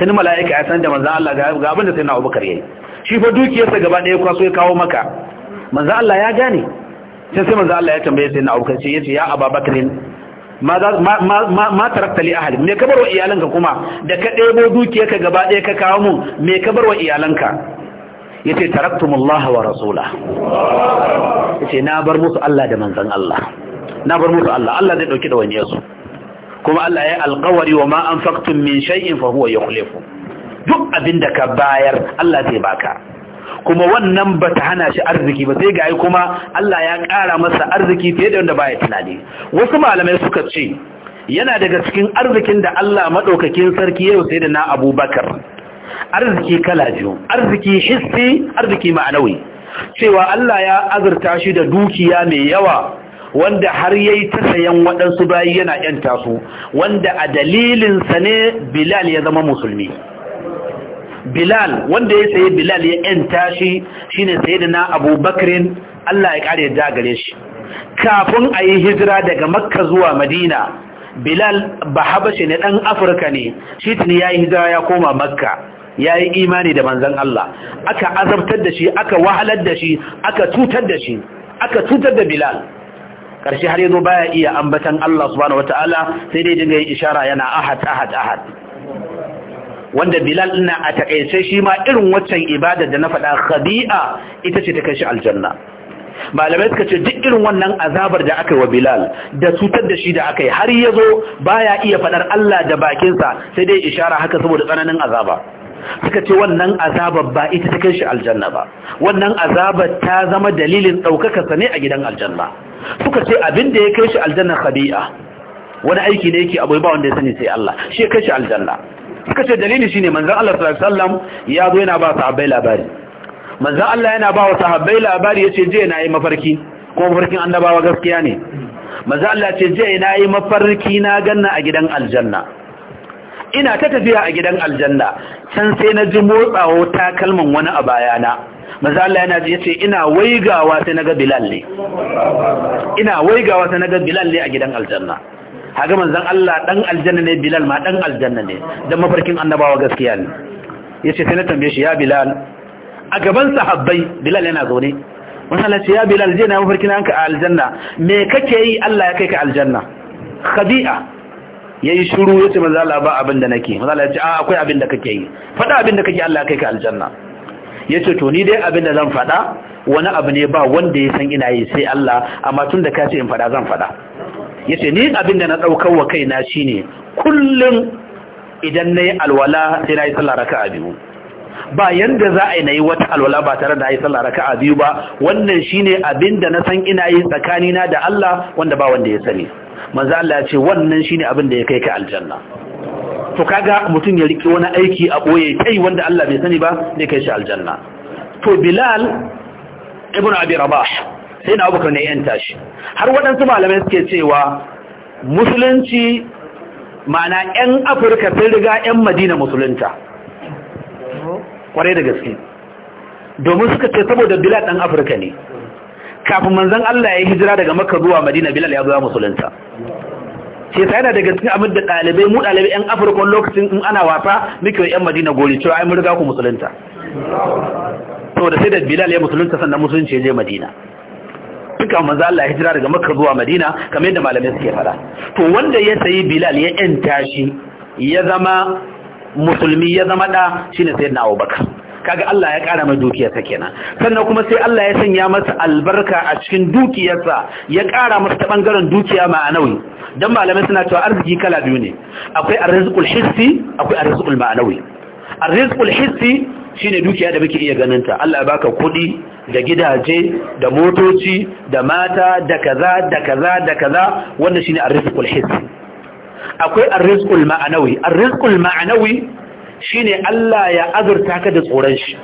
tun mala'ika ya san da manzon Allah ga abin da sai na Abubakar yayi shi fa dukiyarsa gaba daya kwaso ya kawo maka manzon Allah ya gane sai sai manzon Allah ya tambaye sai na Abubakar sai yace ya Ababakarin ma tarakta li ahli me kabarwa iyalanka kuma da ka ɗebo dukiyarka gaba ɗaya ka kawo mun me kabarwa iyalanka yace taraktumullah wa rasula yace na bar musu Allah da manzon Allah na bar musu Allah Allah zai dauki da wani su kuma Allah ya alqawari wa ma anfaqtum min shay'in fa huwa yukhlifu duk abinda ka bayar Allah zai baka kuma wannan ba ta hana shi arziki ba sai ga ai kuma Allah ya ƙara masa arziki fiye da wanda baya tunani wasu malamai suka ce yana daga cikin arzikin da Allah maɗaukakin sarki yau sai da na abubakar arziki kala biyu arziki hissi arziki ma'anawi cewa Allah ya azurta shi da dukiya mai yawa wanda har ya yi ta sayan waɗansu bayi yana ƴan tasu, wanda a dalilinsa ne Bilal ya zama musulmi bilal wanda ya sayi bilal ya yanta shi shine sayyidina abubakrin Allah ya kare da gare shi kafin a yi hijira daga makka zuwa madina bilal ba shi ne dan afirka ne shi tuni ya yi hijira ya koma makka ya yi imani da manzan Allah aka azabtar da shi aka wahalar da shi aka tutar da shi aka tutar da bilal Karshe har yanzu baya iya ambatan Allah subhanahu wataala sai dai dinga yin ishara yana ahad ahad ahad wanda bilal na a takaice shi ma irin waccan ibada da na faɗa khabi'a ita ce ta kai shi aljanna malamai suka ce duk irin wannan azabar da aka yi wa bilal da cutar da shi da aka yi har ya zo baya iya faɗar allah da bakinsa sai dai ishara haka saboda tsananin azaba suka ce wannan azabar ba ita ta kai shi aljanna ba wannan azabar ta zama dalilin ɗaukakarsa ne a gidan aljanna suka ce abin da ya kai shi aljanna khabi'a wani aiki ne yake abu ba wanda ya sani sai Allah shi ya kai shi aljanna suka ce dalili shine manzan Allah sallallahu alaihi wasallam ya zo yana ba sahabbai labari Manzan Allah yana ba wa sahabbai labari yace je na yi mafarki ko mafarkin annabawa gaskiya ne Manzan Allah ce je na yi mafarki na ganna a gidan aljanna ina ta tafiya a gidan aljanna can sai na ji motsawo takalman wani a bayana Manzan Allah yana ce ina waigawa sai ga Bilal ne ina waigawa sai ga Bilal ne a gidan aljanna haga manzan Allah dan aljanna ne Bilal ma dan aljanna ne dan mafarkin annabawa gaskiya ne yace sai na tambaye shi ya Bilal a gaban sahabbai Bilal yana zaune wannan Allah ce ya Bilal je na mafarkin anka aljanna me kake yi Allah ya kai ka aljanna khabi'a yayi shiru yace manzan Allah ba abin da nake manzan Allah ya ce a akwai abin da kake yi fada abin da kake Allah ya kai ka aljanna yace to ni dai abin da zan fada wani abu ne ba wanda ya san ina yi sai Allah amma tun da ka ce in fada zan fada Ya ce ni abin da na ɗaukar wa kaina ne kullum idan na yi alwala sai na nayi sallah raka'a biyu ba yadda za a yi nayi wata alwala ba tare da yi sallah a biyu ba wannan ne abin da na san ina yi tsakanina da Allah wanda ba wanda ya sani manzo Allah ya ce wannan ne abin da ya kai ka aljanna to kaga mutum ya riƙe wani aiki a boye kai wanda Allah bai sani ba zai kai shi aljanna to Bilal ibn Abi Rabah sai na abubakar ne yanta shi har waɗansu malamai suke cewa musulunci ma'ana 'yan afirka sun riga 'yan madina musulunta kwarai da gaske domin suka ce saboda bilal ɗan afirka ne kafin manzan allah ya hijira daga makka zuwa madina bilal ya zuwa musulunta ce sai yana daga cikin amur da ɗalibai mu ɗalibai 'yan afirka lokacin in ana wasa muke 'yan madina gori cewa ai mun riga ku musulunta saboda sai da bilal ya musulunta sannan musulunci ya je madina duka manzo Allah hijira daga Makka zuwa Madina kamar yadda malamai suke fara to wanda ya sayi Bilal ya yanta shi ya zama musulmi ya zama da shine sayyidina Abubakar kaga Allah ya ƙara mai dukiyarsa kenan sannan kuma sai Allah ya sanya masa albarka a cikin dukiyarsa ya kara masa ta bangaren dukiya ma'anawi dan malamai suna cewa arziki kala biyu ne akwai arzikul hissi akwai arzikul ma'anawi arzikul hissi shine dukiya da muke iya ganinta Allah baka kuɗi da gidaje da motoci da mata da kaza da kaza da kaza wannan ne arrizqul hisi. akwai arrizqul ma'anawi arrizqul ma'anawi shine Allah ya azurta ka da tsoron shi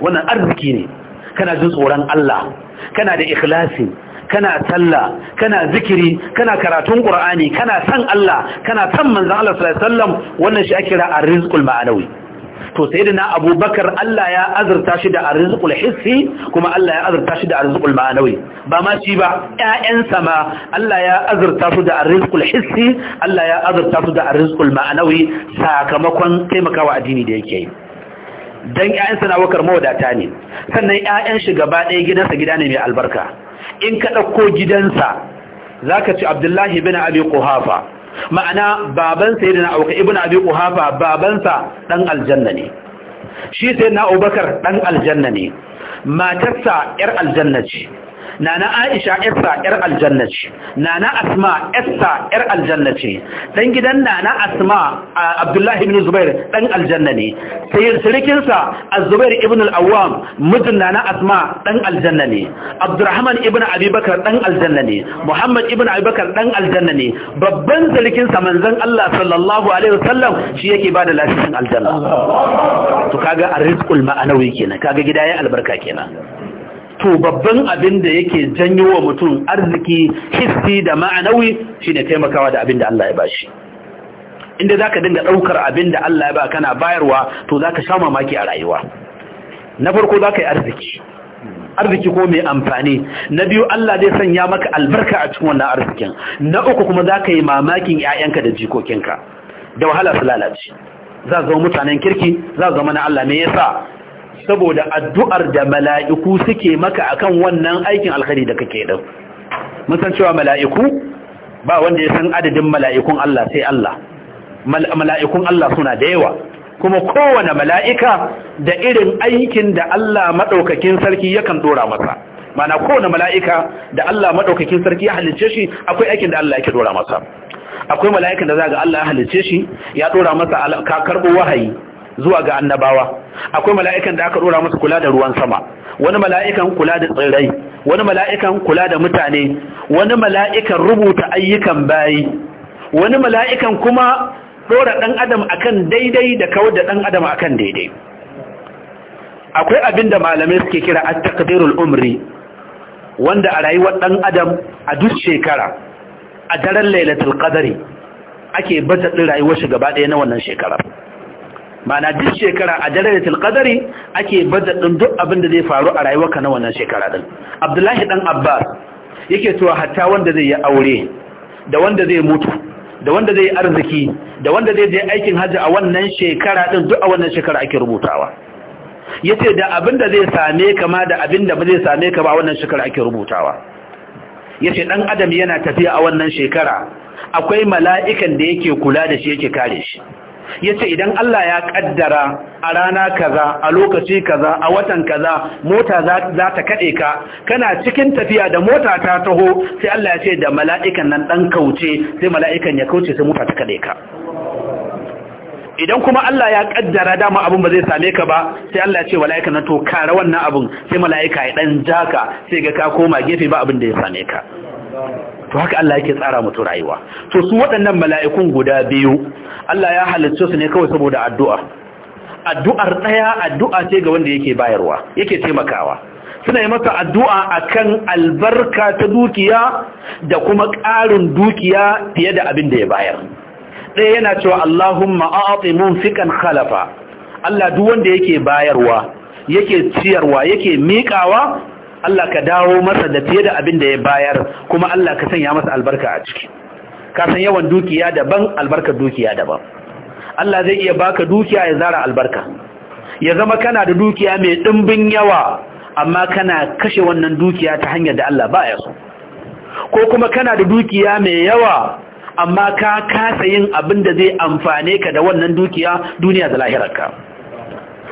wannan arziki ne kana jin tsoron Allah kana da ikhlasi kana sallah kana zikiri kana karatun qur'ani kana san Allah kana san manzon Allah sallallahu alaihi wasallam wannan shi ake kira arrizqul ma'anawi to sayyidina abubakar Allah ya azurta shi da arzikul hissi kuma Allah ya azurta shi da arzikul ma'anawi ba ma shi ba ƴaƴansa ma Allah ya azurta su da arzikul hissi Allah ya azurta su da arzikul ma'anawi sakamakon taimakawa addini da yake yi dan ƴaƴansa na wakar mawadata ne sannan ƴaƴan shi gaba ɗaya gidansa gida ne mai albarka in ka ɗauko gidansa zaka ci Abdullahi bin Abi Quhafa ma'ana baban sayyidina Abu na ibn Abi Quhafa babansa dan aljanna ne shi sai na'ubakar Bakar dan aljanna ne matarsa yar aljanna ce nana Aisha Essa yar aljanna ce nana Asma Essa yar aljanna ce ɗan gidan nana Asma Abdullah ibn Zubair dan aljanna ne sai sirikinsa zubair ibn al-Awwam mijin nana Asma dan aljanna ne Abdurrahman ibn Abibakar ɗan aljanna ne Muhammad ibn Abibakar Bakar dan aljanna ne babban sirikin sa manzon Allah sallallahu alaihi wasallam shi yake bada lafiyar aljanna to kaga arrizqul ma'anawi kenan kaga gida ya albarka kenan to babban abin da yake janyo wa mutum arziki hissi da ma'anawi shine taimakawa da abin da Allah ya bashi inda zaka dinga daukar abin da Allah ya ba kana bayarwa to zaka sha mamaki a rayuwa na farko zaka yi arziki arziki ko mai amfani na biyu Allah zai sanya maka albarka a cikin wannan arzikin na uku kuma zaka yi mamakin ƴaƴanka da jikokinka da wahala su lalace za zo mutanen kirki za zo mana Allah me yasa saboda addu'ar da mala'iku suke maka akan wannan aikin alkhari da kake din mun san cewa mala'iku ba wanda ya san adadin mala'ikun Allah sai Allah mala'ikun Allah suna da yawa kuma kowane mala'ika da irin aikin da Allah madaukakin sarki yakan dora masa mana kowane mala'ika da Allah madaukakin sarki ya halicce shi akwai aikin da Allah yake dora masa akwai mala'ikan da za ga Allah ya halicce shi ya ɗora masa kakar karbo wahayi zuwa ga annabawa akwai mala'ikan da aka ɗora masa kula da ruwan sama wani mala'ikan kula da tsirrai wani mala'ikan kula da mutane wani mala'ikan rubuta ayyukan bayi wani mala'ikan kuma ɗora dan adam akan daidai da kawar da dan adam akan daidai akwai abin da malamai suke kira at-taqdirul umri wanda a rayuwar dan adam a duk shekara a daren lailatul qadari ake bata rayuwar shi gaba ɗaya na wannan shekarar ma'ana duk shekara a darajat qadari ake badadin duk abin da zai faru a ka na wannan shekara din abdullahi dan abbas yake cewa hatta wanda zai yi aure da wanda zai mutu da wanda zai arziki da wanda zai je aikin hajji a wannan shekara din duk a wannan shekara ake rubutawa yace da abin da zai same ka ma da abin da ba zai same ka ba a wannan shekara ake rubutawa yace dan adam yana tafiya a wannan shekara akwai mala'ikan da yake kula da shi yake kare shi ya ce idan Allah ya kaddara a rana kaza a lokaci kaza a watan kaza mota za ta kaɗe ka kana cikin tafiya da mota ta taho sai Allah ya ce da mala'ikan nan ɗan kauce sai mala'ikan ya kauce sai mota ta kaɗe ka idan kuma Allah ya kaddara dama abin ba zai same ka ba sai Allah ya ce mala'ika na to kare wannan abin sai mala'ika ya dan jaka sai ga ka koma gefe ba abin da ya same ka to haka Allah yake tsara mutu rayuwa to su waɗannan mala'ikun guda biyu Allah ya halitta su ne kawai saboda addu'a addu'ar ɗaya addu'a ce ga wanda yake bayarwa yake taimakawa suna yi masa addu'a akan albarka ta dukiya da kuma ƙarin dukiya fiye da abin da ya bayar ɗaya yana cewa Allahumma a'ati munfiqan khalafa Allah duk wanda yake bayarwa yake ciyarwa yake miƙawa Allah ka dawo masa da fiye da abin da ya bayar kuma Allah ka sanya masa albarka a ciki ka san yawan dukiya daban albarkar dukiya daban Allah zai iya baka dukiya ya zara albarka ya zama kana da dukiya mai dimbin yawa amma kana kashe wannan dukiya ta hanyar da Allah baya so ko kuma kana da dukiya mai yawa amma ka kasa yin abin da zai amfane ka da wannan dukiya duniya da lahirarka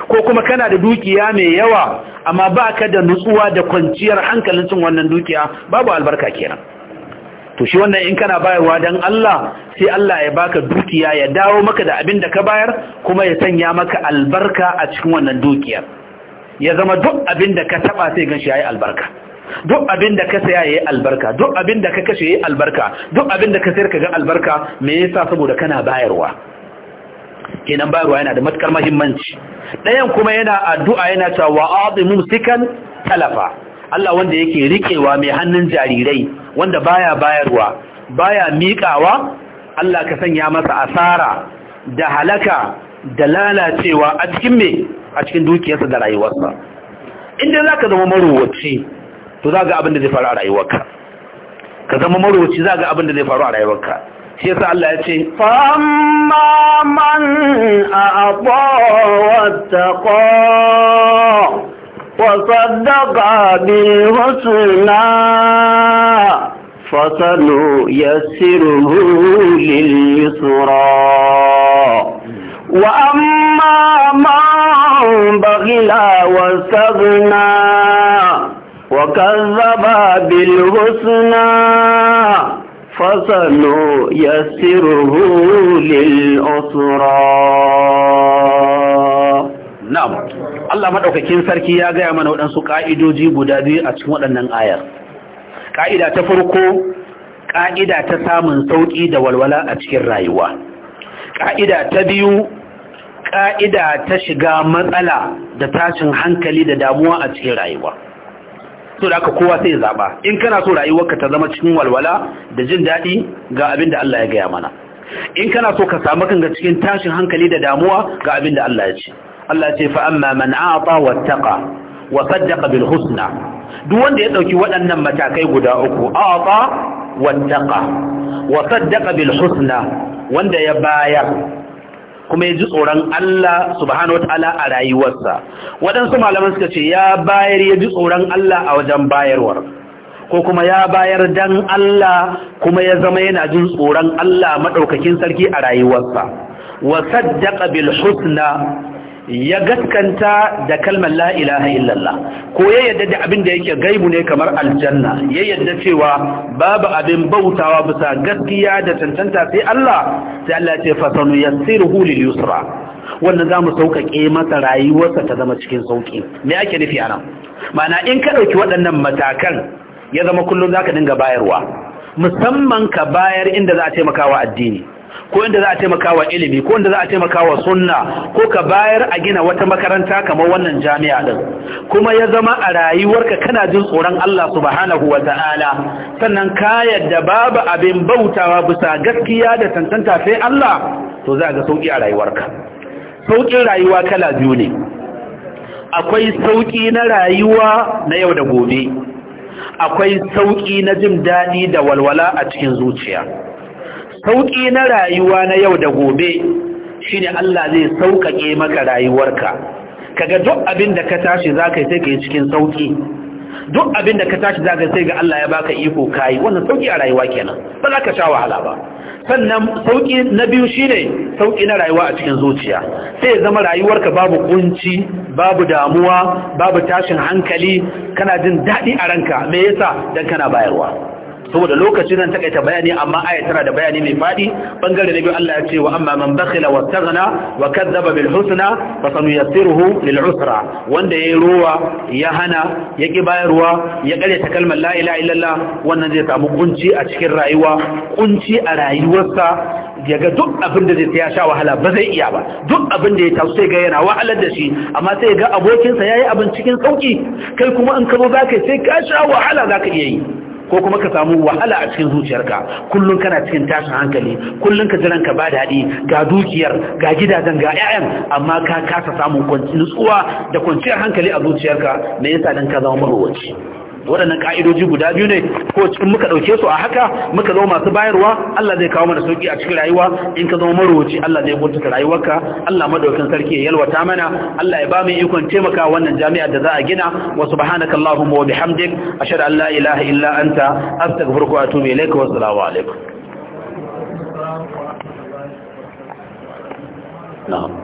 ko kuma kana da dukiya mai yawa amma ba ka da nutsuwa da kwanciyar hankalin cin wannan dukiya babu albarka kenan to shi wannan in kana bayarwa don Allah sai Allah ya baka dukiya ya dawo maka da abin da ka bayar kuma ya sanya maka albarka a cikin wannan dukiyar ya zama duk abin da ka taba sai ganshi yayi albarka duk abin da ka saya yayi albarka duk abin da ka kashe yayi albarka duk abin da ka sayar ka ga albarka me yasa saboda kana bayarwa kenan bayarwa yana da matukar mahimmanci ɗayan kuma yana addu'a yana cewa wa'adu sikan talafa Allah wanda yake riƙewa mai hannun jarirai wanda baya bayarwa baya miƙawa Allah ka sanya masa asara da halaka da lalacewa a cikin me a cikin dukiyarsa da rayuwarsa inda za ka zama marowaci to za ga abin da zai faru a rayuwarka ka zama marowaci za ga abin da zai faru a rayuwarka shi yasa Allah ya ce famma man a'ta wattaqa wa saddaqa bil husna fasanu yassiruhu lil yusra وأما من بغلا واستغنى وكذب بالحسنى فسنيسره للعسرى نعم Allah maɗaukakin sarki ya gaya mana waɗansu ƙa'idoji guda biyu a cikin waɗannan ayar. Ƙa'ida ta farko, ƙa'ida ta samun sauƙi da walwala a cikin rayuwa. Ƙa'ida ta biyu, ƙa'ida ta shiga matsala da tashin hankali da damuwa a cikin rayuwa. so da aka kowa sai ya zaba in kana so rayuwarka ta zama cikin walwala da jin daɗi ga abin da Allah ya gaya mana in kana so ka samu kanka cikin tashin hankali da damuwa ga abin da Allah ya ce Allah ya ce fa amma man a'ata wattaqa wa saddaqa bil husna duk wanda ya dauki waɗannan matakai guda uku a'ata wattaqa wa saddaqa bil husna wanda ya bayar kuma ya ji tsoron Allah subhanahu wataala a rayuwarsa waɗansu malaman suka ce ya bayar ya ji tsoron Allah a wajen bayarwar ko kuma ya bayar dan Allah kuma ya zama yana jin tsoron Allah madaukakin sarki a rayuwarsa wa saddaqa bil husna ya gaskanta da kalmar la ilaha illallah ko ya yadda da abin da yake gaibu ne kamar aljanna ya yadda cewa babu abin bautawa bisa gaskiya da tantanta sai Allah sai Allah ce fasanu yassiruhu lil yusra wannan zamu sauƙaƙe masa rayuwarsa ta zama cikin sauƙi me ake nufi anan ma'ana in ka ɗauki waɗannan matakan ya zama kullum zaka dinga bayarwa musamman ka bayar inda za a taimaka wa addini ko inda za a taimaka wa ilimi ko inda za a taimaka wa sunna ko ka bayar a gina wata makaranta kamar wannan jami'a din kuma ya zama a rayuwarka kana jin tsoron Allah subhanahu wa ta'ala sannan ka yadda babu abin bautawa bisa gaskiya da tantanta sai Allah to za ga sauki a rayuwarka saukin rayuwa kala biyu ne akwai sauki na rayuwa na yau da gobe akwai sauki na jin daɗi da walwala a cikin zuciya sauƙi na rayuwa na yau da gobe shine Allah zai sauƙaƙe maka rayuwarka kaga duk abin da ka tashi za ka yi sai ka yi cikin sauƙi duk abin da ka tashi za ka yi sai ga Allah ya baka iko yi. wannan sauƙi a rayuwa kenan ba za ka sha wahala ba sannan sauƙi na biyu shine sauƙi na rayuwa a cikin zuciya sai zama rayuwarka babu kunci babu damuwa babu tashin hankali kana jin daɗi a ranka me yasa dan kana bayarwa saboda lokacin nan takaita bayani amma aya tana da bayani mai fadi bangare na biyu Allah ya ce wa amma man bakhila wastaghna wa kadzaba bil husna fa sanuyassiruhu lil usra wanda yayi ruwa ya hana ya ki bayarwa ya kare ta kalmar la ilaha illallah wannan zai samu kunci a cikin rayuwa kunci a rayuwarsa ya ga duk abin da zai ya sha wahala ba zai iya ba duk abin da ya taso sai ga yana wahalar da shi amma sai ya ga abokinsa yayi abin cikin sauki kai kuma in ka zo zaka sai ka sha wahala zaka iya yi ko kuma ka samu wahala a cikin zuciyarka kullum kana cikin tashin hankali kullum ka jiran ka ba daɗi ga dukiyar ga gidajen ga ƴaƴan, amma ka kasa samun nutsuwa da kwanciyar hankali a zuciyarka me yasa dan ka zama marowaci waɗannan ka'idoji guda biyu ne ko cikin muka ɗauke su a haka muka zama masu bayarwa Allah zai kawo mana sauƙi a cikin rayuwa in ka zama marowaci Allah zai bunta rayuwarka Allah madaukakin sarki ya yalwata mana Allah ya ba mu ikon taimaka wannan jami'ar da za a gina wasu subhanaka allahumma wa bihamdik ashhadu an la ilaha illa anta astaghfiruka wa atubu wa assalamu alaikum